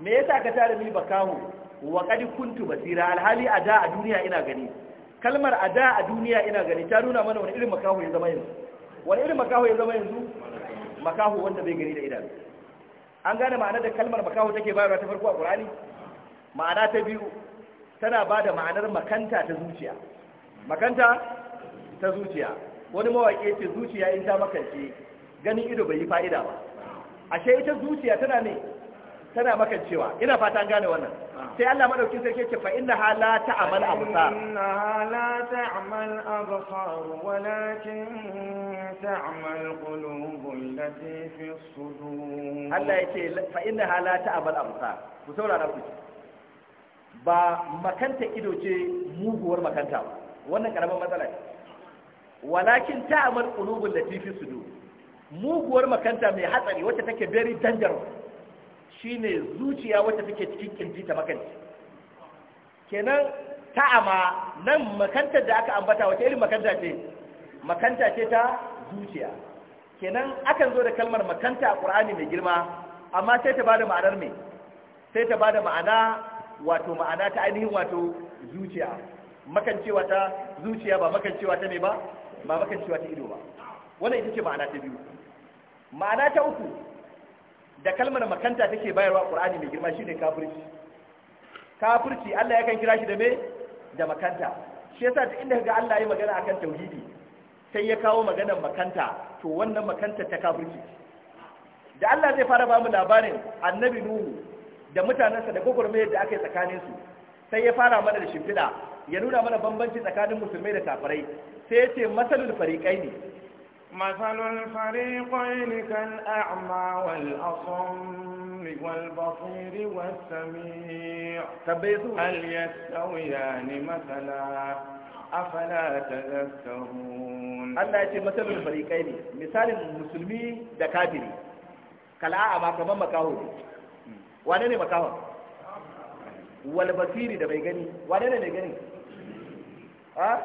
me yasa ka tare ni bakahu wa qad kuntu basira alhali ada a duniya ina gani kalmar ada a duniya ina gani ta nuna mana wani irin makaho ya zama yanzu wani irin makaho ya zama yanzu makaho wanda bai gani da idanu an gane ma'anar da kalmar makaho take bayarwa ta farko a ƙurani ma'ana ta biyu tana ba da ma'anar makanta ta zuciya makanta ta zuciya wani mawaƙi ce zuciya in ta makance ganin ido bai yi fa'ida ba ashe ita zuciya tana ne tana cewa ina fata an gane wannan sai Allah madaukin sarki yake fa inna ha la ta'mal absar inna ha la ta'mal absar walakin ta'mal qulubul lati fi sudur Allah yake fa inna ha la ta'mal absar ku saurara ku ba makanta ido ce muguwar makanta ba wannan karaman matsala ce. walakin ta'mal qulubul lati fi sudur muguwar makanta mai hatsari wacce take very dangerous Shi ne zuciya wata take cikin kirji ta makanci kenan ta'ama nan makantar da aka ambata wace irin makanta ce makanta ce ta zuciya kenan akan zo da kalmar makanta a ƙur'ani mai girma amma sai ta bada ma'anar me sai ta bada ma'ana wato ma'ana ta ainihin wato zuciya makancewa ta zuciya ba makancewa ta mai ba ba makancewa ta ido ba wannan ita ce ma'ana ta biyu ma'ana ta uku da kalmar makanta take bayarwa qur'ani mai girma shine kafirci kafirci Allah yakan kira shi da me da makanta shi yasa duk inda kaga Allah ya magana akan tauhidi sai ya kawo maganar makanta to wannan makanta ta kafirci da Allah zai fara bamu labarin annabi nuhu da mutanansa da gwagwarmayar da aka yi tsakaninsu sai ya fara mana da shimfiɗa ya nuna mana bambanci tsakanin musulmai da kafirai sai ya ce masalul fariƙai ne مثل الفريقين كالأعمى والأصم والبصير والسميع تبيضون هل يستويان مثلا أفلا تذكرون الله يقول مثل الفريقين مثال المسلمي دكاتري كلا أما كمان مكاهو وانين مكاهو والبصير دبيغني وانين نغني ها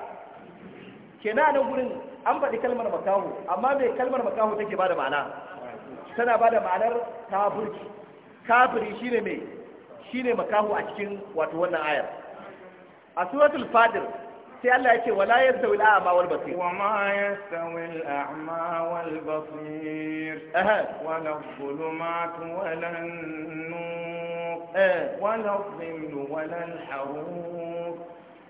كنا نقول an faɗi kalmar makahu amma mai kalmar makahu take ba da ma'ana tana ba da ma'anar kafirci kafiri shine mai ne makahu a cikin wato wannan ayar a suratul fadir sai Allah ya ce wala ya al-a'ma wal basir wa ma yastawi al-a'ma wal basir wala dhulumatu wala an-nur wala dhillu wala al-harur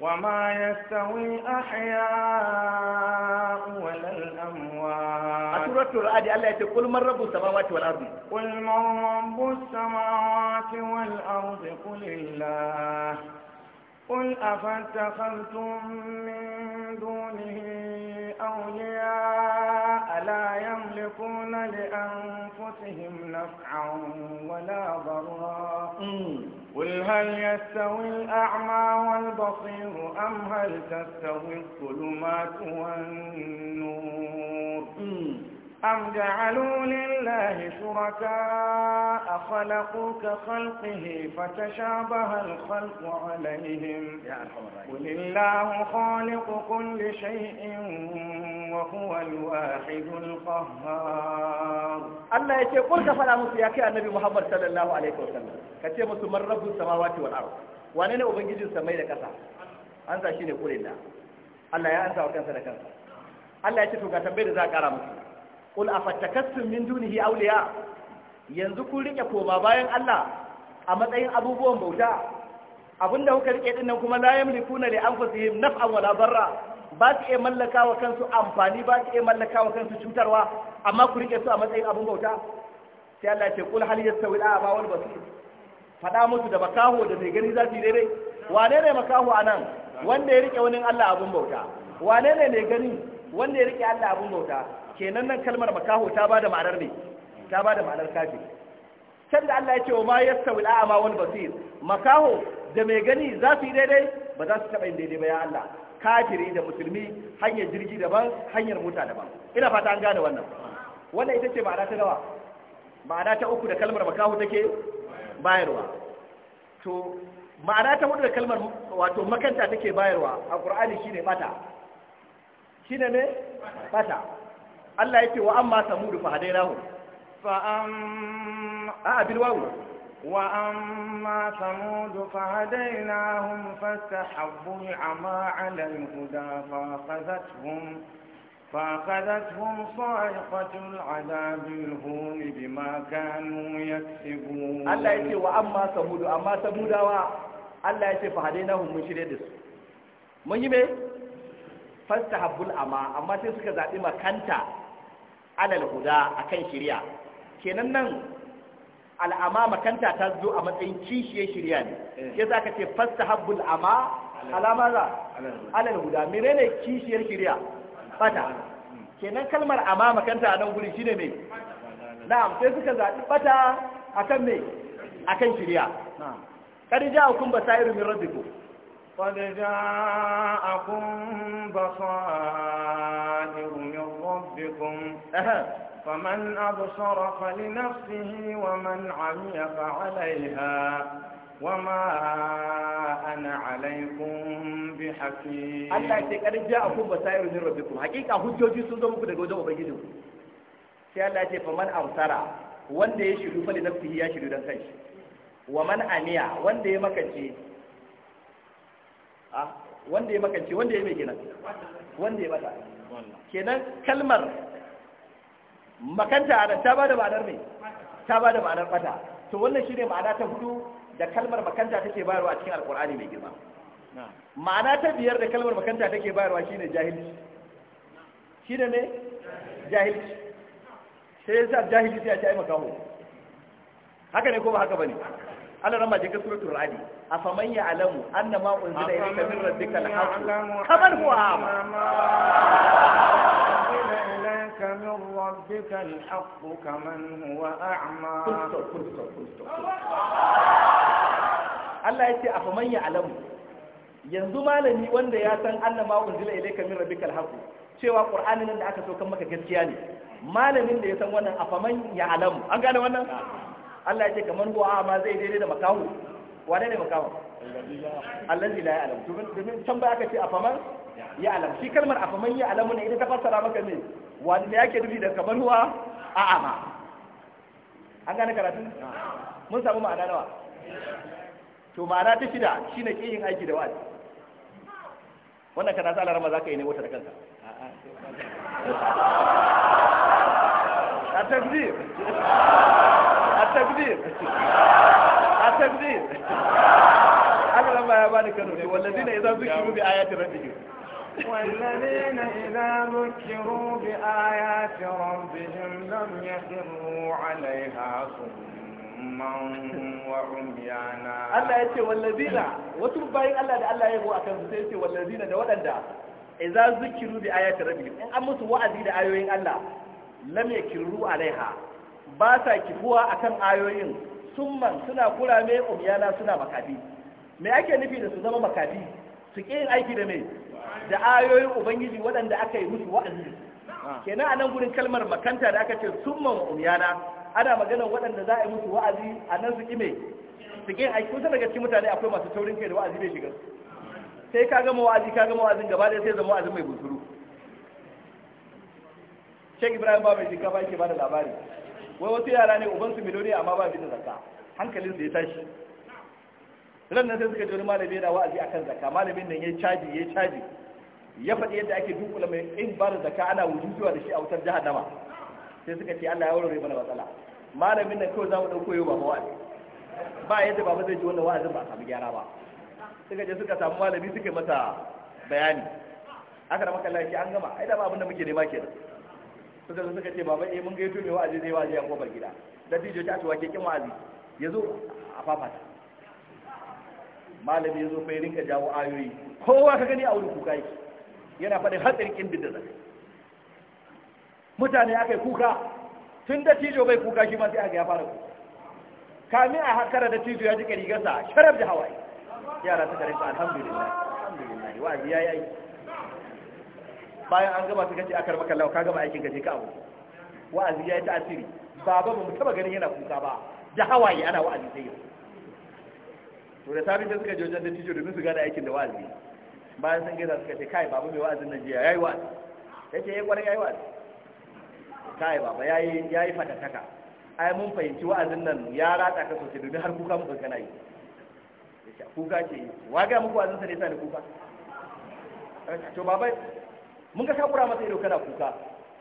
وما يستوي الأحياء ولا الأموات سورة أدي الله يتقول من رب السماوات والأرض قل من رب السماوات والأرض قل الله قل أفاتخذتم من دونه أولياء لا يملكون لأنفسهم نفعا ولا ضرا قل هل يستوي الأعمى والبصير أم هل تستوي الظلمات والنور أم جعلوا لله شركاء خلقوا كخلقه فتشابه الخلق عليهم قل الله خالق كل شيء وهو الواحد القهار الله يكي قل كفلا مسياكي النبي محمد صلى الله عليه وسلم كتير مسلم رب السماوات والأرض وأنا أبنجي السماء لكسا أنت شيني قول الله Allah ya ansa wa kansa da kansa Allah ya ce to ga tambayar da za a kara musu qul afattakassum min dunihi awliya yanzu kun rike koma bayan Allah a matsayin abubuwan bauta abinda kuka rike din nan kuma la yamlikuna li anfusihim naf'an wala darra ba su iya mallaka wa kansu amfani ba su iya mallaka wa kansu cutarwa amma ku rike su a matsayin abun bauta sai Allah ya ce kul hal yastawi al'a ama wal basir faɗa musu da makaho da zai gani za su yi daidai wane ne makaho anan wanda ya rike wani Allah abun bauta wane ne ne gani wanda ya rike Allah abun bauta kenan nan kalmar makaho ta bada ma'anar ne ta bada ma'anar kafi can da Allah ya ce wa ma yastawi ma wal basir makaho da mai gani za su yi daidai ba za su taɓa yin daidai ba ya Allah kafiri da musulmi hanyar jirgi daban hanyar mota daban ina fata an gane wannan wannan ita ce ma'ana ta nawa ma'ana ta uku da kalmar makaho take bayarwa to ma'ana ta hudu da kalmar wato makanta take bayarwa a qur'ani shine bata shine ne bata Allah ya ce wa amma samudu da fahadai rahu fa’am a wa amma samudu da fahadai rahu fasta abubuwa amma alayin guda fa’akazat hun fa’akazat azabin homi bi ma gano ya ce Allah ya ce wa amma samudu, amma samudawa. Allah ya ce fahadai rahu mun shirya da su mun yi mai fasta habbul amma amma sai suka zaɓi makanta alal huda akan shirya. kenan nan al'ama makanta ta zo a matsayin kishiyar shirya ne ke za ka ce fasta habbul ama alama za alal huda menene kishiyar shirya bata kenan kalmar ama makanta a nan guri shine mai na'am sai suka zaɓi bata akan mai akan shirya kad ku. basairu min rabbikum qad ja'akum basairu min ربكم فمن أبصر فلنفسه ومن عمي فعليها وما أنا عليكم بحكيم الله يتكلم جاءكم بصائر من ربكم حقيقة هجوجي سنزو مكو دقودو وبجدو sai Allah ce wanda ya shiru fa nafsihi ya shiru dan wa man aniya wanda ya makance wanda ya makance wanda ya kenan kalmar makanta anan ta bada ma'anar ne ta bada ma'anar bata to wannan shine ma'ana ta hudu da kalmar makanta take bayarwa cikin alkur'ani mai girma ma'ana ta biyar da kalmar makanta take bayarwa shine jahilci shine ne jahilci sai yasa jahilci ya ci ai makaho haka ne ko ba haka bane Allah rama je suratul anna ma unzila min rabbika kaman huwa ama Allah ya ce a ya alamu yanzu malami wanda ya san Allah cewa qur'anin da aka so maka gaskiya ne malamin da ya san wannan a an gane wannan Allah ya ce kamar huwa ma zai daidai da makahu wane ne makahu allazi la ya'lam domin can baya aka ce afaman ya'lam shi kalmar afaman ya'lamu ne ita ta fassara maka ne Wani wanda yake nufi da kamar huwa a'ama an gane karatu mun samu ma'ana nawa to ma'ana ta shida shine kiyin aiki da wani? wannan kana sa alarama za ka yi ne wata da kanka A'a. a tafsir التقدير التقدير هذا ما يبارك بني والذين إذا ذكروا بآيات ربهم والذين إذا ذكروا بآيات ربهم لم يخروا عليها صما وعميانا الله يتي والذين وتبعي الله ده الله يبو أكام سيتي والذين ده ودن ده إذا ذكروا بآيات ربهم إن أمس وعدي ده آيوين الله لم يكروا عليها ba sa kifuwa a kan ayoyin ma suna kurame umyana suna makafi me ake nufi da su zama makafi su ƙi yin aiki da me da ayoyin ubangiji waɗanda aka yi musu wa'azi kenan a nan gurin kalmar makanta da aka ce summan umyana ana maganar waɗanda za a yi musu wa'azi a nan su ƙi mai su ƙi aiki kusa daga cikin mutane akwai masu taurin kai da wa'azi bai shiga sai ka gama wa'azi ka gama wa'azin gaba ɗaya sai zama wa'azin mai bunsuru Sheikh Ibrahim Babaji ka ba ke ba da labari wai wasu yara ne ubansu miliyoni amma ba bi da zakka hankalin da ya tashi ran nan sai suka ji wani malami yana wa'azi akan zakka malamin nan ya caji ya caji ya faɗi yadda ake dukula mai in ba da zakka ana wujuduwa da shi a wutar jahannama sai suka ce Allah ya warware mana matsala malamin nan kawai za mu ɗauko yau ba wa'azi ba yadda baba zai ji wannan wa'azin ba samu gyara ba suka je suka samu malami suka yi mata bayani aka da maka an gama ai da ba abin da muke nema kenan suka zo suka ce baba eh mun ga yato mai wa'azi zai wa'azi a kofar gida da dijo ta tuwa ke kin wa'azi ya zo a fafata malami ya zo fa rinka jawo ayoyi kowa ka gani a wurin kuka yake yana faɗin hatsarin kin bidda zaka mutane aka yi kuka tun da tijo bai kuka shi ma sai aka ya fara kuka kamin a hakara da tijo ya ji rigarsa sharaf da hawaye yara suka rinka alhamdulillah alhamdulillah wa'azi ya yi bayan an gama suka ce a karɓar kallawa ka gama aikin gaje ka abu wa'azi ya yi ta'asiri baba ba mu taba ganin yana kuka ba da hawaye ana wa'azi sai yau to da sabin da suka je wajen dattijo domin su gane aikin da wa'azi bayan sun gaisa suka ce kai baba mai wa'azin nan jiya yayi wa'azi yace yayi eh, kwarai yayi wa'azi kai baba yayi yayi fatataka ai mun fahimci wa'azin nan ya rata ka sosai domin har kuka muka kana yi kuka ce wa ga muku wa'azin sa ne sa da kuka eh, to baba mun ga kakura masa ido kana kuka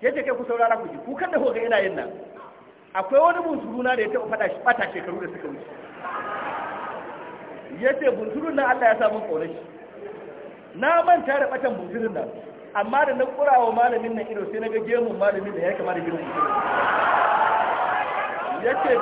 yace kai ku saurara ku ji kukan da hoga yana yin nan akwai wani na da ya taɓa fada shi bata shekaru da suka wuce yace bunsurun nan Allah ya samu ƙaunar shi na manta da ɓatan bunsurun nan amma da na kurawa malamin nan ido sai na ga gemun malamin da ya kama da girman ya ce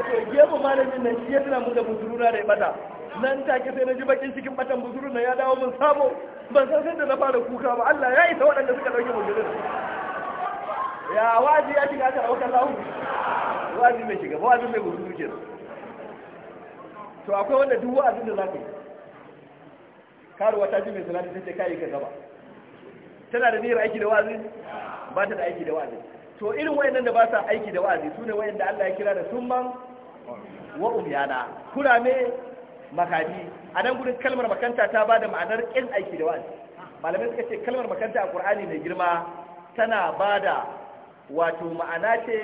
ce gefe malamin nan shi ya tuna mun da buzuruna da ya bata nan take sai na ji bakin cikin batan buzuruna ya dawo mun sabo ban san sai da na fara kuka ba Allah ya isa waɗanda suka dauke buzurun ya waji ya shiga aka daukar lahu waji mai shiga waji mai buzuru kenan to akwai wanda duk wa'azin da za ka yi karuwa ta ji mai salati ta ce kayi ka gaba tana da niyyar aiki da wa'azin ba ta da aiki da wa'azin to irin wayannan da ba sa aiki da wa'azi su ne wayanda Allah ya kira da summan wa umyana kurame makadi a nan gudun kalmar makanta ta ba da ma'anar ƙin aiki da wa'azi malamai suka ce kalmar makanta a ƙur'ani mai girma tana ba da wato ma'ana ce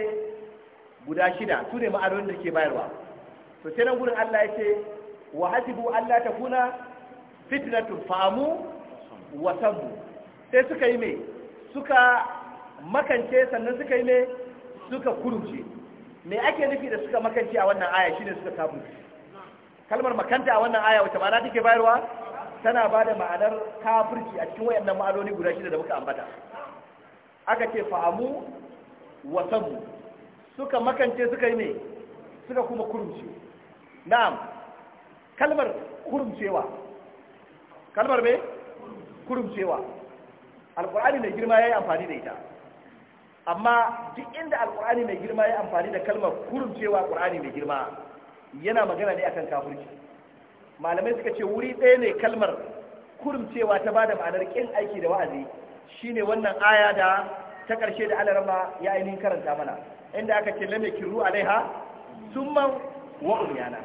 guda shida su ne ma'anonin da ke bayarwa to sai nan gudun Allah ya ce wa hasibu Allah ta kuna fitnatun famu wa sai suka yi mai suka makance sannan suka yi mai suka kurumce me ake nufi da suka makance a wannan aya shine suka kafin kalmar makanta a wannan aya wacce ma'ana take bayarwa tana ba da ma'anar kafirci a cikin wayannan ma'anoni guda shida da muka ambata aka ce fa'amu wa sabu suka makance suka yi mai suka kuma kurumce na'am kalmar kurumcewa kalmar me kurumcewa alkur'ani mai girma ya yi amfani da ita amma duk inda alkur'ani mai girma ya amfani da kalmar kurumcewa alkur'ani mai girma yana magana ne akan kafirci malamai suka ce wuri ɗaya ne kalmar kurumcewa ta bada ma'anar kin aiki da wa'azi shine wannan aya da ta ƙarshe da alarma ya ainihin karanta mana inda aka ce lame kirru alaiha summa wa umyana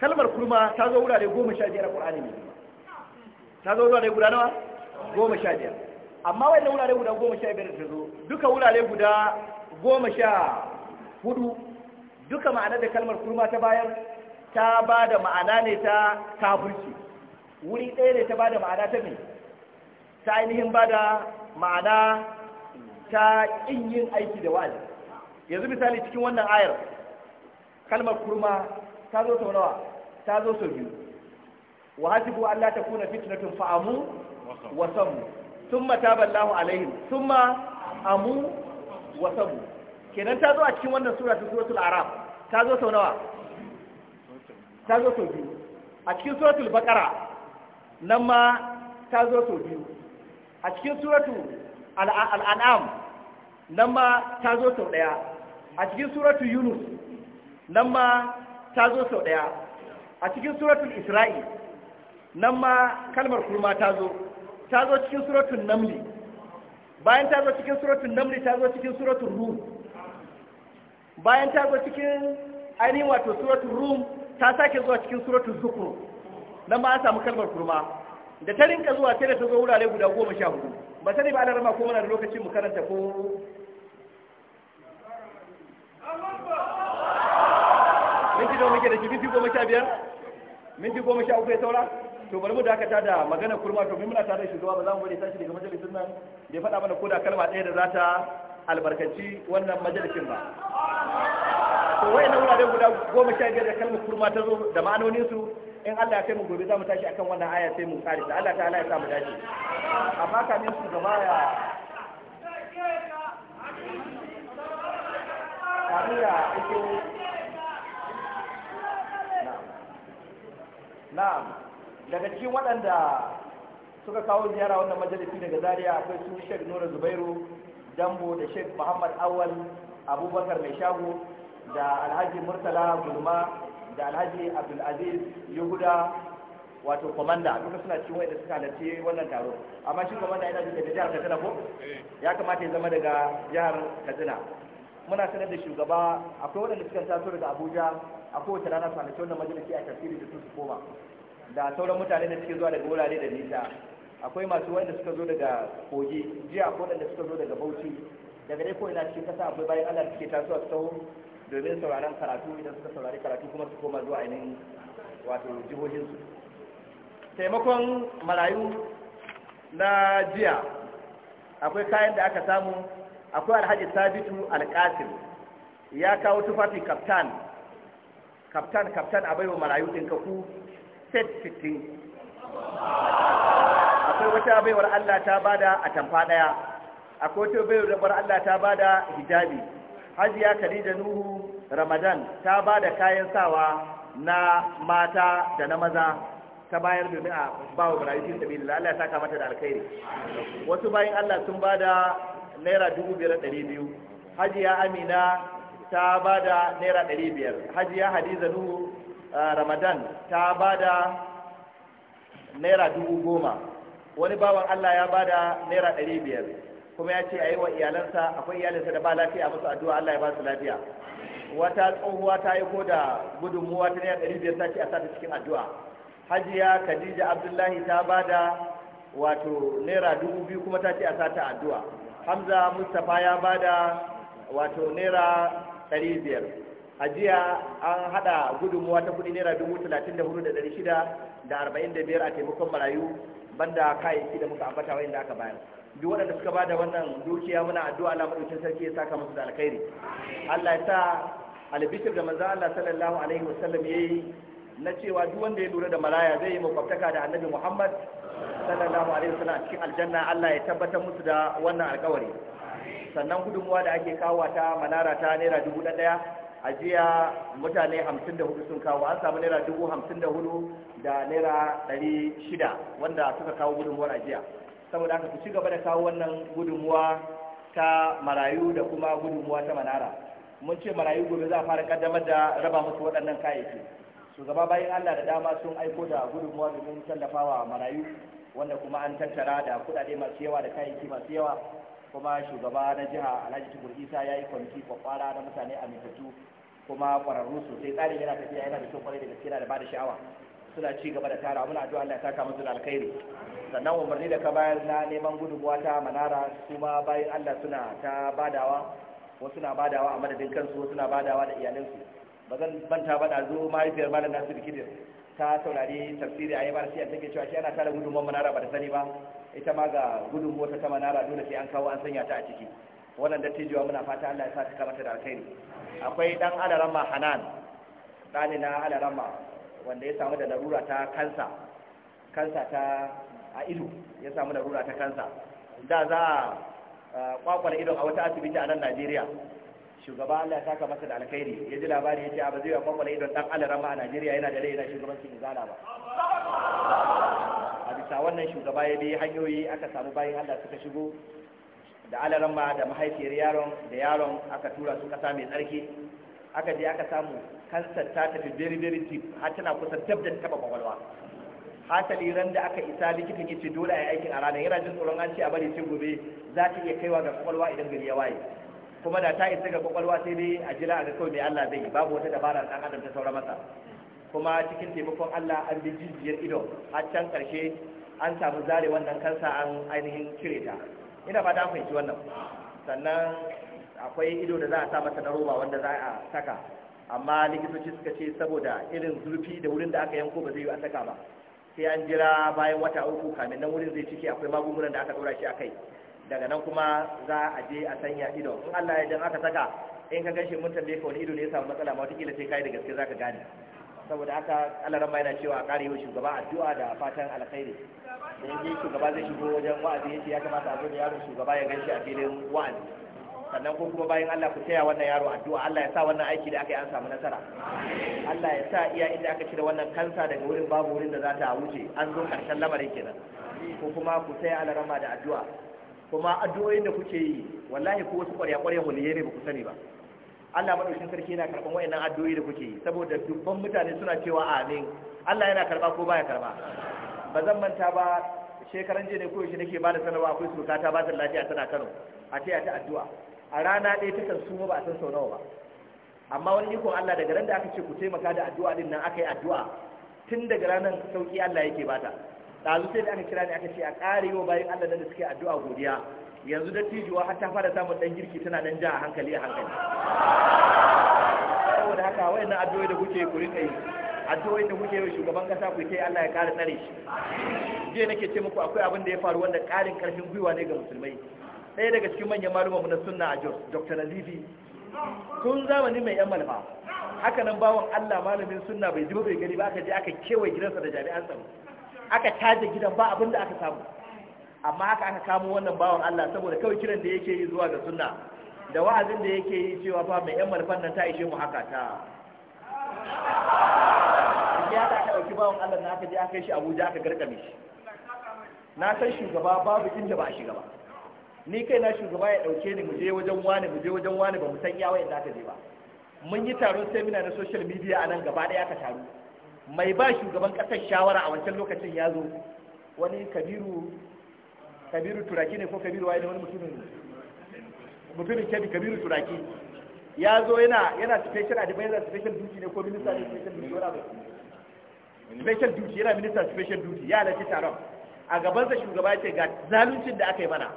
kalmar kurma ta zo wurare goma sha biyar Alƙur'ani ƙur'ani ta zo wurare guda nawa goma sha biyar amma wannan wurare guda goma sha biyar da zo duka wurare guda goma sha hudu duka ma'anar da kalmar kurma ta bayar ta ba da ma'ana ne ta kafirci wuri ɗaya ne ta ba da ma'ana ta ne, ta ainihin ba da ma'ana ta ƙin yin aiki da wa'azi yanzu misali cikin wannan ayar kalmar kurma ta zo sau nawa ta zo sau biyu wa hasibu Allah ta kuna fitnatun fa'amu wa sammu thumma Ballahu alaihim ma amu wa sabu kenan ta zo a cikin wannan sura ta suratul araf ta zo sau nawa ta zo sau biyu a cikin suratul baqara nan ma ta zo sau biyu a cikin suratul al'an'am nan ma ta zo sau ɗaya a cikin suratul yunus nan ma ta zo sau ɗaya a cikin suratul isra'i nan ma kalmar kurma ta zo ta zo cikin suratun namli bayan ta zo cikin suratun namli ta zo cikin suratun rum bayan ta zo cikin ainihin wato suratun rum ta sake zuwa cikin suratun zukuru nan ma an samu kalmar kurma da ta rinka zuwa sai da ta zo wurare guda goma sha hudu ba sani ba alarama rama ko muna da lokacin mu karanta ko minti nawa muke da shi minti goma sha biyar minti goma sha uku ya saura to bari mu dakata da magana kurma to muna da shi zuwa ba za mu bari tashi daga majalisin nan da faɗa mana ko da kalma ɗaya da za ta albarkaci wannan majalisin ba to na wurare guda goma sha biyar da kalmar kurma ta zo da ma'anonin su in Allah ya kai mu gobe za mu tashi akan wannan aya sai mu kare ta Allah ya sa mu dace amma kamin su gaba ya Amira ito Na'am daga cikin waɗanda suka kawo ziyara wannan majalisi daga zaria akwai su sheikh nura zubairu dambo da sheikh muhammad awal abubakar mai shago da alhaji murtala gulma da alhaji abdulaziz yahuda wato komanda duka suna cikin wanda suka halarci wannan taro amma shi komanda yana daga jihar katsina ko ya kamata ya zama daga jihar katsina muna sanar da shugaba akwai waɗanda suka taso daga abuja a kowace rana halarci wannan majalisi a tafsiri da su su koma da sauran mutane da suke zuwa daga wurare da nisa akwai masu wanda suka zo daga kogi jiya ko wanda suka zo daga bauchi daga dai ko ina cikin kasa akwai bayan allah suke tasowa su taho domin sauraron karatu idan suka saurari karatu kuma su koma zuwa ainihin wato jihohinsu taimakon marayu na jiya akwai kayan da aka samu akwai alhaji sabitu alkasim ya kawo tufafi kaftan kaftan kaftan a baiwa marayu kaku set akwai wata baiwar Allah ta bada a tamfa ɗaya akwai wata baiwar Allah ta bada hijabi hajiya Khadija Nuhu Ramadan ta bada kayan sawa na mata da na maza ta bayar domin a ba wa barayi sabi da Allah ya saka mata da alkhairi wasu bayan Allah sun bada naira dubu hajiya amina ta bada naira ɗari hajiya hadiza nuhu ramadan ta bada naira dubu goma wani bawan allah ya bada naira ɗari biyar kuma ya ce a yi wa iyalansa akwai iyalinsa da ba lafiya musu addu'a allah ya ba su lafiya wata tsohuwa ta yi ko da gudunmuwa ta naira ɗari biyar ta ce a sa ta cikin addu'a hajiya khadija abdullahi ta bada wato naira dubu biyu kuma ta ce a sa ta addu'a hamza mustapha ya bada wato naira ɗari biyar a jiya an hada gudunmuwa ta kudi naira dubu talatin da hudu da dari shida da arba'in da biyar a taimakon marayu banda kayayyaki da muka ambata wayan da aka bayar duk waɗanda suka bada wannan dukiya muna addu'a na madaukakin sarki ya saka musu da alkhairi Allah ya sa albishir da manzo Allah sallallahu alaihi wasallam yi na cewa duk wanda ya lura da maraya zai yi makwabtaka da annabi Muhammad sallallahu alaihi wasallam a cikin aljanna Allah ya tabbatar musu da wannan alkawari sannan gudunmuwa da ake kawo ta manara ta naira dubu ɗaya a jiya mutane 54 sun kawo an samu naira 54 da naira 600 wanda suka kawo gudunmuwar ajiya, saboda haka ku ci gaba da kawo wannan gudunmuwa ta marayu da kuma gudunmuwa ta manara mun ce marayu gobe za a fara kaddamar da raba musu waɗannan kayayyaki shugaba bayan allah da dama sun aiko da gudunmuwa domin tallafawa marayu wanda kuma an tattara da kuɗaɗe masu yawa da kayayyaki masu yawa kuma shugaba na jiha alhaji tukur isa ya yi kwamiti kwakwara na mutane a amintattu kuma kwararru sosai tsarin yana tafiya yana da kyau kwarai da gaske yana da bada sha'awa suna ci gaba da tara muna addu'a Allah ya saka musu da alkhairi sannan umarni da ka bayar na neman gudunmuwa ta manara su ma bayan Allah suna ta badawa wasu na badawa a madadin kansu wasu na badawa da iyalansu ba zan banta ba da zo mahaifiyar malam Nasiru Kidir ta saurari tafsiri a yi barci a take cewa shi ana tara gudunmuwan manara ba da sani ba ita ma ga gudunmuwar ta manara dole sai an kawo an sanya ta a ciki wannan dattijuwa muna fata Allah ya sa ta kamata da alkhairi akwai dan alarama hanan dani na alarama wanda ya samu da larura ta kansa kansa ta a ido ya samu larura ta kansa da za a kwakwala ido a wata asibiti a nan Najeriya shugaba Allah ya saka masa da alkhairi ya ji labari ya ce a ba zai kwakwala idon dan alarama a Najeriya yana da rai yana shugabancin izala ba a bisa wannan shugaba ya bi hanyoyi aka samu bayan Allah suka shigo da alaran ma da mahaifiyar yaron da yaron aka tura su kasa mai tsarki aka je aka samu kansar ta tafi very very deep har tana kusan dab da taba kwakwalwa hasali liran da aka isa likitan ya ce dole a yi aikin a ranar yana jin tsoron an ce a bari sai gobe za ta iya kaiwa ga kwakwalwa idan gari ya waye kuma da ta isa ga kwakwalwa sai dai a jira a ga kawai mai Allah zai babu wata dabara da adam ta saura masa kuma cikin taimakon Allah an bi jijiyar ido har can karshe an samu zare wannan kansa an ainihin cire ina fata an fahimci wannan sannan akwai ido da za a sa masa na roba wanda za a saka amma likitoci suka ce saboda irin zurfi da wurin da aka yanko ba zai yi a saka ba sai an jira bayan wata uku kamin nan wurin zai cike akwai magungunan da aka dora shi akai daga nan kuma za a je a sanya ido in Allah ya jan aka saka in ka gashi mun tambaye ka wani ido ne ya samu matsala ma wata kila sai kai da gaske zaka gane saboda haka alaran yana cewa a ƙara yau shugaba addu'a da fatan alkhairi da yanzu shugaba zai shigo wajen wa'azi yace ya kamata a zo da yaron shugaba ya ganshi a filin wa'azi sannan ko kuma bayan Allah ku taya wannan yaro addu'a Allah ya sa wannan aiki da aka yi an samu nasara Allah ya sa iya inda aka cire wannan kansa daga wurin babu wurin da za ta wuce an zo karshen lamarin kenan ko kuma ku taya alarama da addu'a kuma addu'o'in da kuke yi wallahi ko wasu ƙwarya-ƙwarya muliyai ne ba ku sani ba Allah madaukakin sarki yana karban wayannan addu'o'i da kuke yi saboda dubban mutane suna cewa amin Allah yana karba ko baya karba ba zan manta ba shekaran jiya ne ko yaushe nake bada sanarwa akwai surukata ba ta lafiya tana Kano a ce a ta addu'a a rana ɗaya ta kan suma ba a san sau nawa ba amma wani iko Allah daga ran da aka ce ku taimaka da addu'a din nan aka yi addu'a tun daga ranar sauki Allah yake bata ɗazu sai da aka kira ni aka ce a ƙare yau bayan Allah da suke addu'a godiya yanzu da tijuwa har ta fara samun dan girki tana dan ja a hankali a hankali saboda haka na addu'o'i da kuke ku rika yi addu'o'i da kuke yi shugaban kasa ku kai Allah ya kare tsare shi je nake ce muku akwai abin da ya faru wanda karin karfin gwiwa ne ga musulmai ɗaya daga cikin manyan malumanmu na sunna a Jos Dr. Nazifi tun zamani mai yan malfa haka nan bawan Allah malamin sunna bai ji bai gani ba aka je aka kewaye gidansa da jami'an tsaro aka taje gidan ba abin da aka samu amma haka aka kamo wannan bawan Allah saboda kawai kiran da yake yi zuwa ga sunna da wa'azin da yake yi cewa fa mai yan marfan nan ta ishe mu haka ta ya ta aka dauki bawan Allah na aka je aka shi Abuja aka garkame shi na san shugaba babu inda ba shiga ba ni kai na shugaba ya dauke ni mu je wajen wani mu je wajen wani ba mu san iya wayan aka je ba mun yi taron seminar na social media anan nan gaba daya aka taru mai ba shugaban kasar shawara a wancan lokacin ya zo wani kabiru kabiru turaki ne ko kabiru waye ne wani mutumin mutumin kebi kabiru turaki ya zo yana yana special advisor special duty ne ko minister special duty wala special duty yana minister special duty ya halarci taron a gabansa shugaba ya ce ga zaluncin da aka yi mana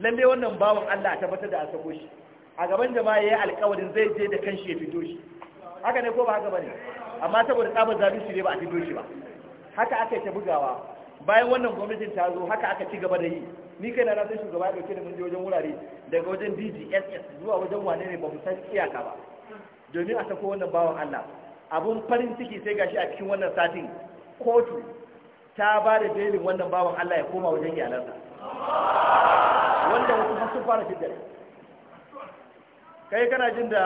lalle wannan bawan Allah a tabbatar da a sako shi a gaban jama'a ya yi zai je da kanshi ya fito shi haka ne ko ba haka ba ne amma saboda tsabar zalunci ne ba a fito shi ba haka aka yi ta bugawa bayan wannan gwamnatin ta zo haka aka ci gaba da yi ni kai na san shugaba da ke da mun je wajen wurare daga wajen DGSS zuwa wajen wane ne ba mu san iyaka ba domin a sako wannan bawan Allah abun farin ciki sai gashi a cikin wannan satin kotu ta ba da belin wannan bawan Allah ya koma wajen iyalansa wanda wasu har sun fara fitar kai kana jin da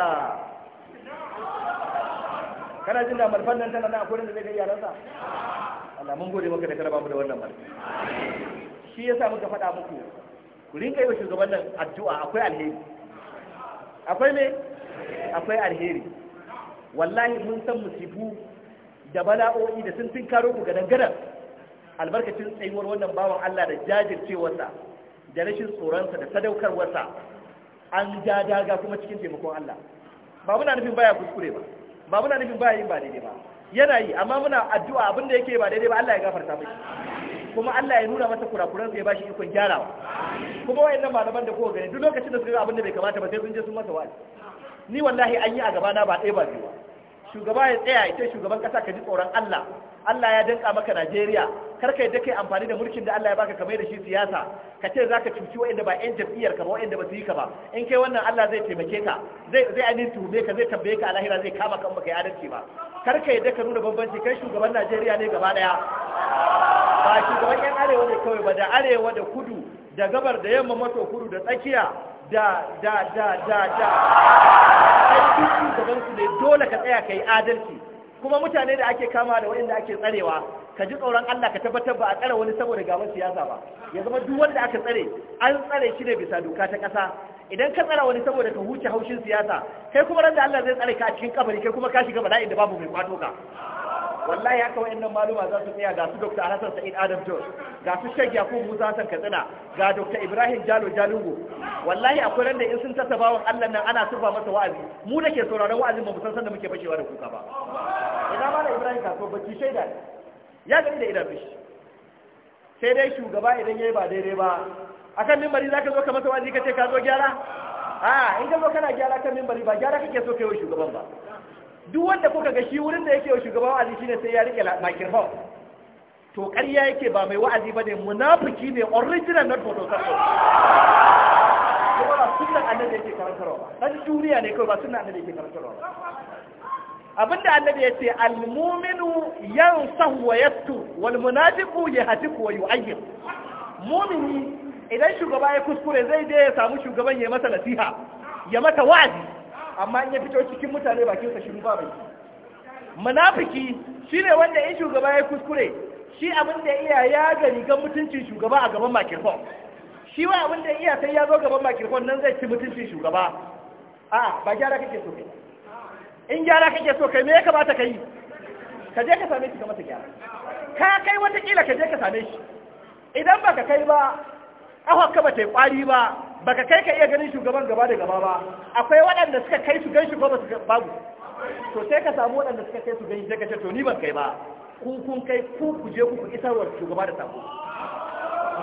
kana jin da marfan nan tana na akwai da zai ga iyalansa Allah mun gode maka da karaba mu da wannan barka shi yasa muka faɗa muku ku rinka yi wa shugaban nan addu'a akwai alheri akwai ne akwai alheri wallahi mun san musibu da bala'o'i da sun tun karo ga gadan albarkacin tsayuwar wannan bawan Allah da jajircewarsa da rashin tsoronsa da sadaukarwarsa an ja daga kuma cikin taimakon Allah ba muna nufin baya kuskure ba ba muna nufin baya yin ba daidai ba yana yi amma muna addu'a abin da yake ba daidai ba Allah ya gafarta mai kuma Allah ya nuna masa kurakuran sa ya bashi ikon gyarawa kuma wayannan malaman da kowa gani duk lokacin da suka ga abin da bai kamata ba sai sun je sun masa wa'azi ni wallahi an yi a gaba na ba ɗaya ba biyu ba shugaba ya tsaya ya shugaban kasa ka ji tsoron Allah Allah ya danka maka Najeriya kar ka yadda kai amfani da mulkin da Allah ya baka kamar da shi siyasa ka ce zaka cuci waɗanda ba ƴan jam'iyyar ka ba waɗanda ba su yi ka ba in kai wannan Allah zai taimake ka zai zai anin tuhume ka zai tambaye ka alahira zai kama kan baka yi adalci ba karka yadda ka nuna bambanci kai shugaban najeriya ne gaba daya ba shugaban yan arewa ne kawai ba da arewa da kudu da gabar da yamma maso kudu da tsakiya da da da da da kai shugaban su ne dole ka tsaya kai adalci kuma mutane da ake kama da waɗanda ake tsarewa ka ji tsoron Allah ka tabbatar ba a tsare wani saboda gaban siyasa ba ya zama duk wanda aka tsare an tsare shi ne bisa doka ta ƙasa idan ka tsara wani saboda ka huce haushin siyasa kai kuma ran da Allah zai tsare ka a cikin kabari kai kuma ka shiga bala'in da babu mai kwato ka wallahi haka wayannan maluma za su tsaya ga su Dr. Hassan Sa'id Adam Jones ga su Sheikh Yakub Musa Hassan Katsina ga Dr. Ibrahim Jalo Jalungu wallahi akwai ran da in sun tasa bawon Allah nan ana tufa masa wa'azi mu da ke sauraron wa'azin ba mu san sanda muke fashewa da kuka ba ina mala Ibrahim so bacci shaida ya gani da idan bishi sai dai shugaba idan yayi ba daidai ba akan mimbari zaka zo ka masa wazi kace ka zo gyara a in ka zo kana gyara kan mimbari ba gyara kake so kai shugaban ba duk wanda kuka ga shi wurin da yake wa shugaban wa'azi shine sai ya rike microphone to ƙarya yake ba mai wa'azi ba ne munafiki ne original not photocopy kuma ba sunan annabi yake karantarwa ba duniya ne kawai ba sunan annabi yake karantarwa ba abinda annabi ya ce almuminu yansahu wa yattu wal munafiqu yahtiku wa yu'ayyid mumini idan shugaba ya kuskure zai je ya samu shugaban ya masa nasiha ya mata wa'azi amma in ya fito cikin mutane bakin sa shiru ba bai munafiki shine wanda in shugaba ya kuskure shi abin da iya ya ga mutuncin shugaba a gaban makirfon shi wa abin da iya sai ya zo gaban makirfon nan zai ci mutuncin shugaba a ba gyara kake so kai in gyara kake so kai me ya kamata ka yi ka je ka same shi ka mata gyara ka kai wata kila ka je ka same shi idan ba ka kai ba ƙafarka ba ta yi ƙwari ba ka kai ka iya ganin shugaban gaba da gaba ba akwai waɗanda suka kai su gan shugaba su babu to sai ka samu waɗanda suka kai su gan shi ka ce to ni ban kai ba ku kun kai ku ku je ku isarwar shugaba da sako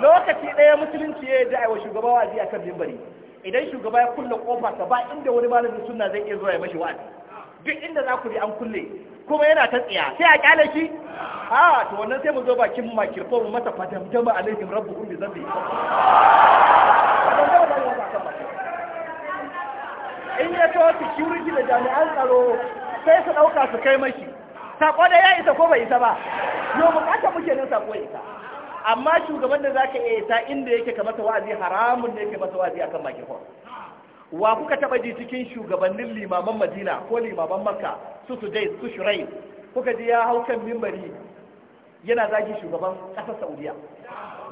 lokaci ɗaya musulunci ya da aiwa shugaba wa'azi a kan mimbari idan shugaba ya kulle kofa ta ba inda wani malamin sunna zai iya zuwa ya mashi wa'azi duk inda za ku bi an kulle kuma yana ta tsaya sai a kyale shi a to wannan sai mu zo bakin makirfo mu masa fadamdama alaikum rabbuhum bi zambi in ya kawo security da jami'an tsaro sai su ɗauka su kai mashi sako da ya isa ko bai isa ba mu bukata muke nan sako isa amma shugaban da zaka iya isa inda yake ka masa wa'azi haramun ne yake masa wa'azi akan makirfo wa kuka taba ji cikin shugabannin limaman madina ko limaman makka su su dai su shurai kuka ji ya hau kan mimbari yana zagi shugaban ƙasar saudiya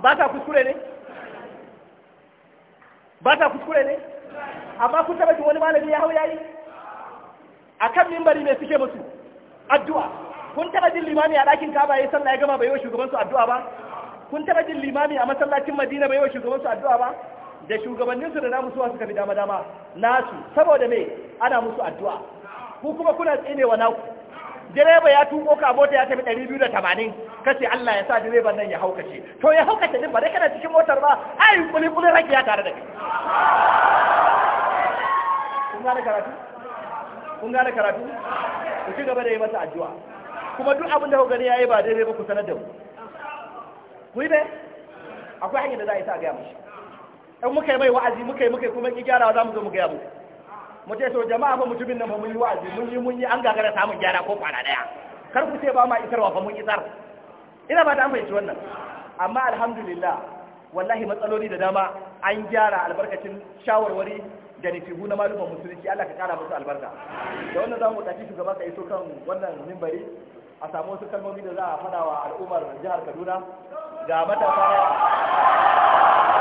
ba ta kuskure ne ba ta kuskure ne amma kun taba ji wani malami ya hau yayi a kan mimbari ne suke musu addu'a kun taba jin limami a ɗakin kaba ya sallah ya gama bai yi wa shugabansu addu'a ba kun taba jin limami a masallacin madina bai yi wa shugabansu addu'a ba da shugabanninsu da namu suwa suka fi dama dama nasu saboda me ana musu addu'a ku kuma kuna tsinewa naku direba ya tuko ka mota ya tafi 280 kace Allah ya sa direban nan ya haukace to ya haukace din ba dai kana cikin motar ba ai kuli kuli rake ya tare da kai kun gane karatu kun gane karatu ku ci gaba da yi masa addu'a kuma duk abin da ku gani yayi ba daidai ba ku sanar da mu ku yi ne akwai hanyar da za a yi sa ga mushi in muka yi mai wa'azi muka yi muka yi kuma gyara za mu zo mu gaya mu mu ce so jama'a fa mutumin nan fa mun yi wa'azi mun yi mun yi an gagara samun gyara ko kwana daya kar ku ce ba ma isarwa wa mun isar ina ba ta an fahimci wannan amma alhamdulillah wallahi matsaloli da dama an gyara albarkacin shawarwari da nufihu na malumar musulunci Allah ka kara musu albarka da wannan za mu tafi shugaba ka iso kan wannan mimbari a samu wasu kalmomi da za a faɗa wa al'ummar jihar Kaduna ga matasa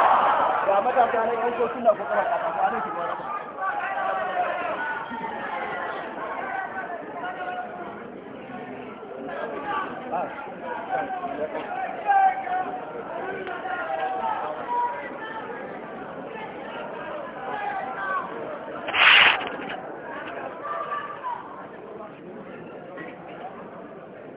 ga matasa na yan sosun da kuka raka ta kwanan shi gwara Thank you. Ah, ah, ah.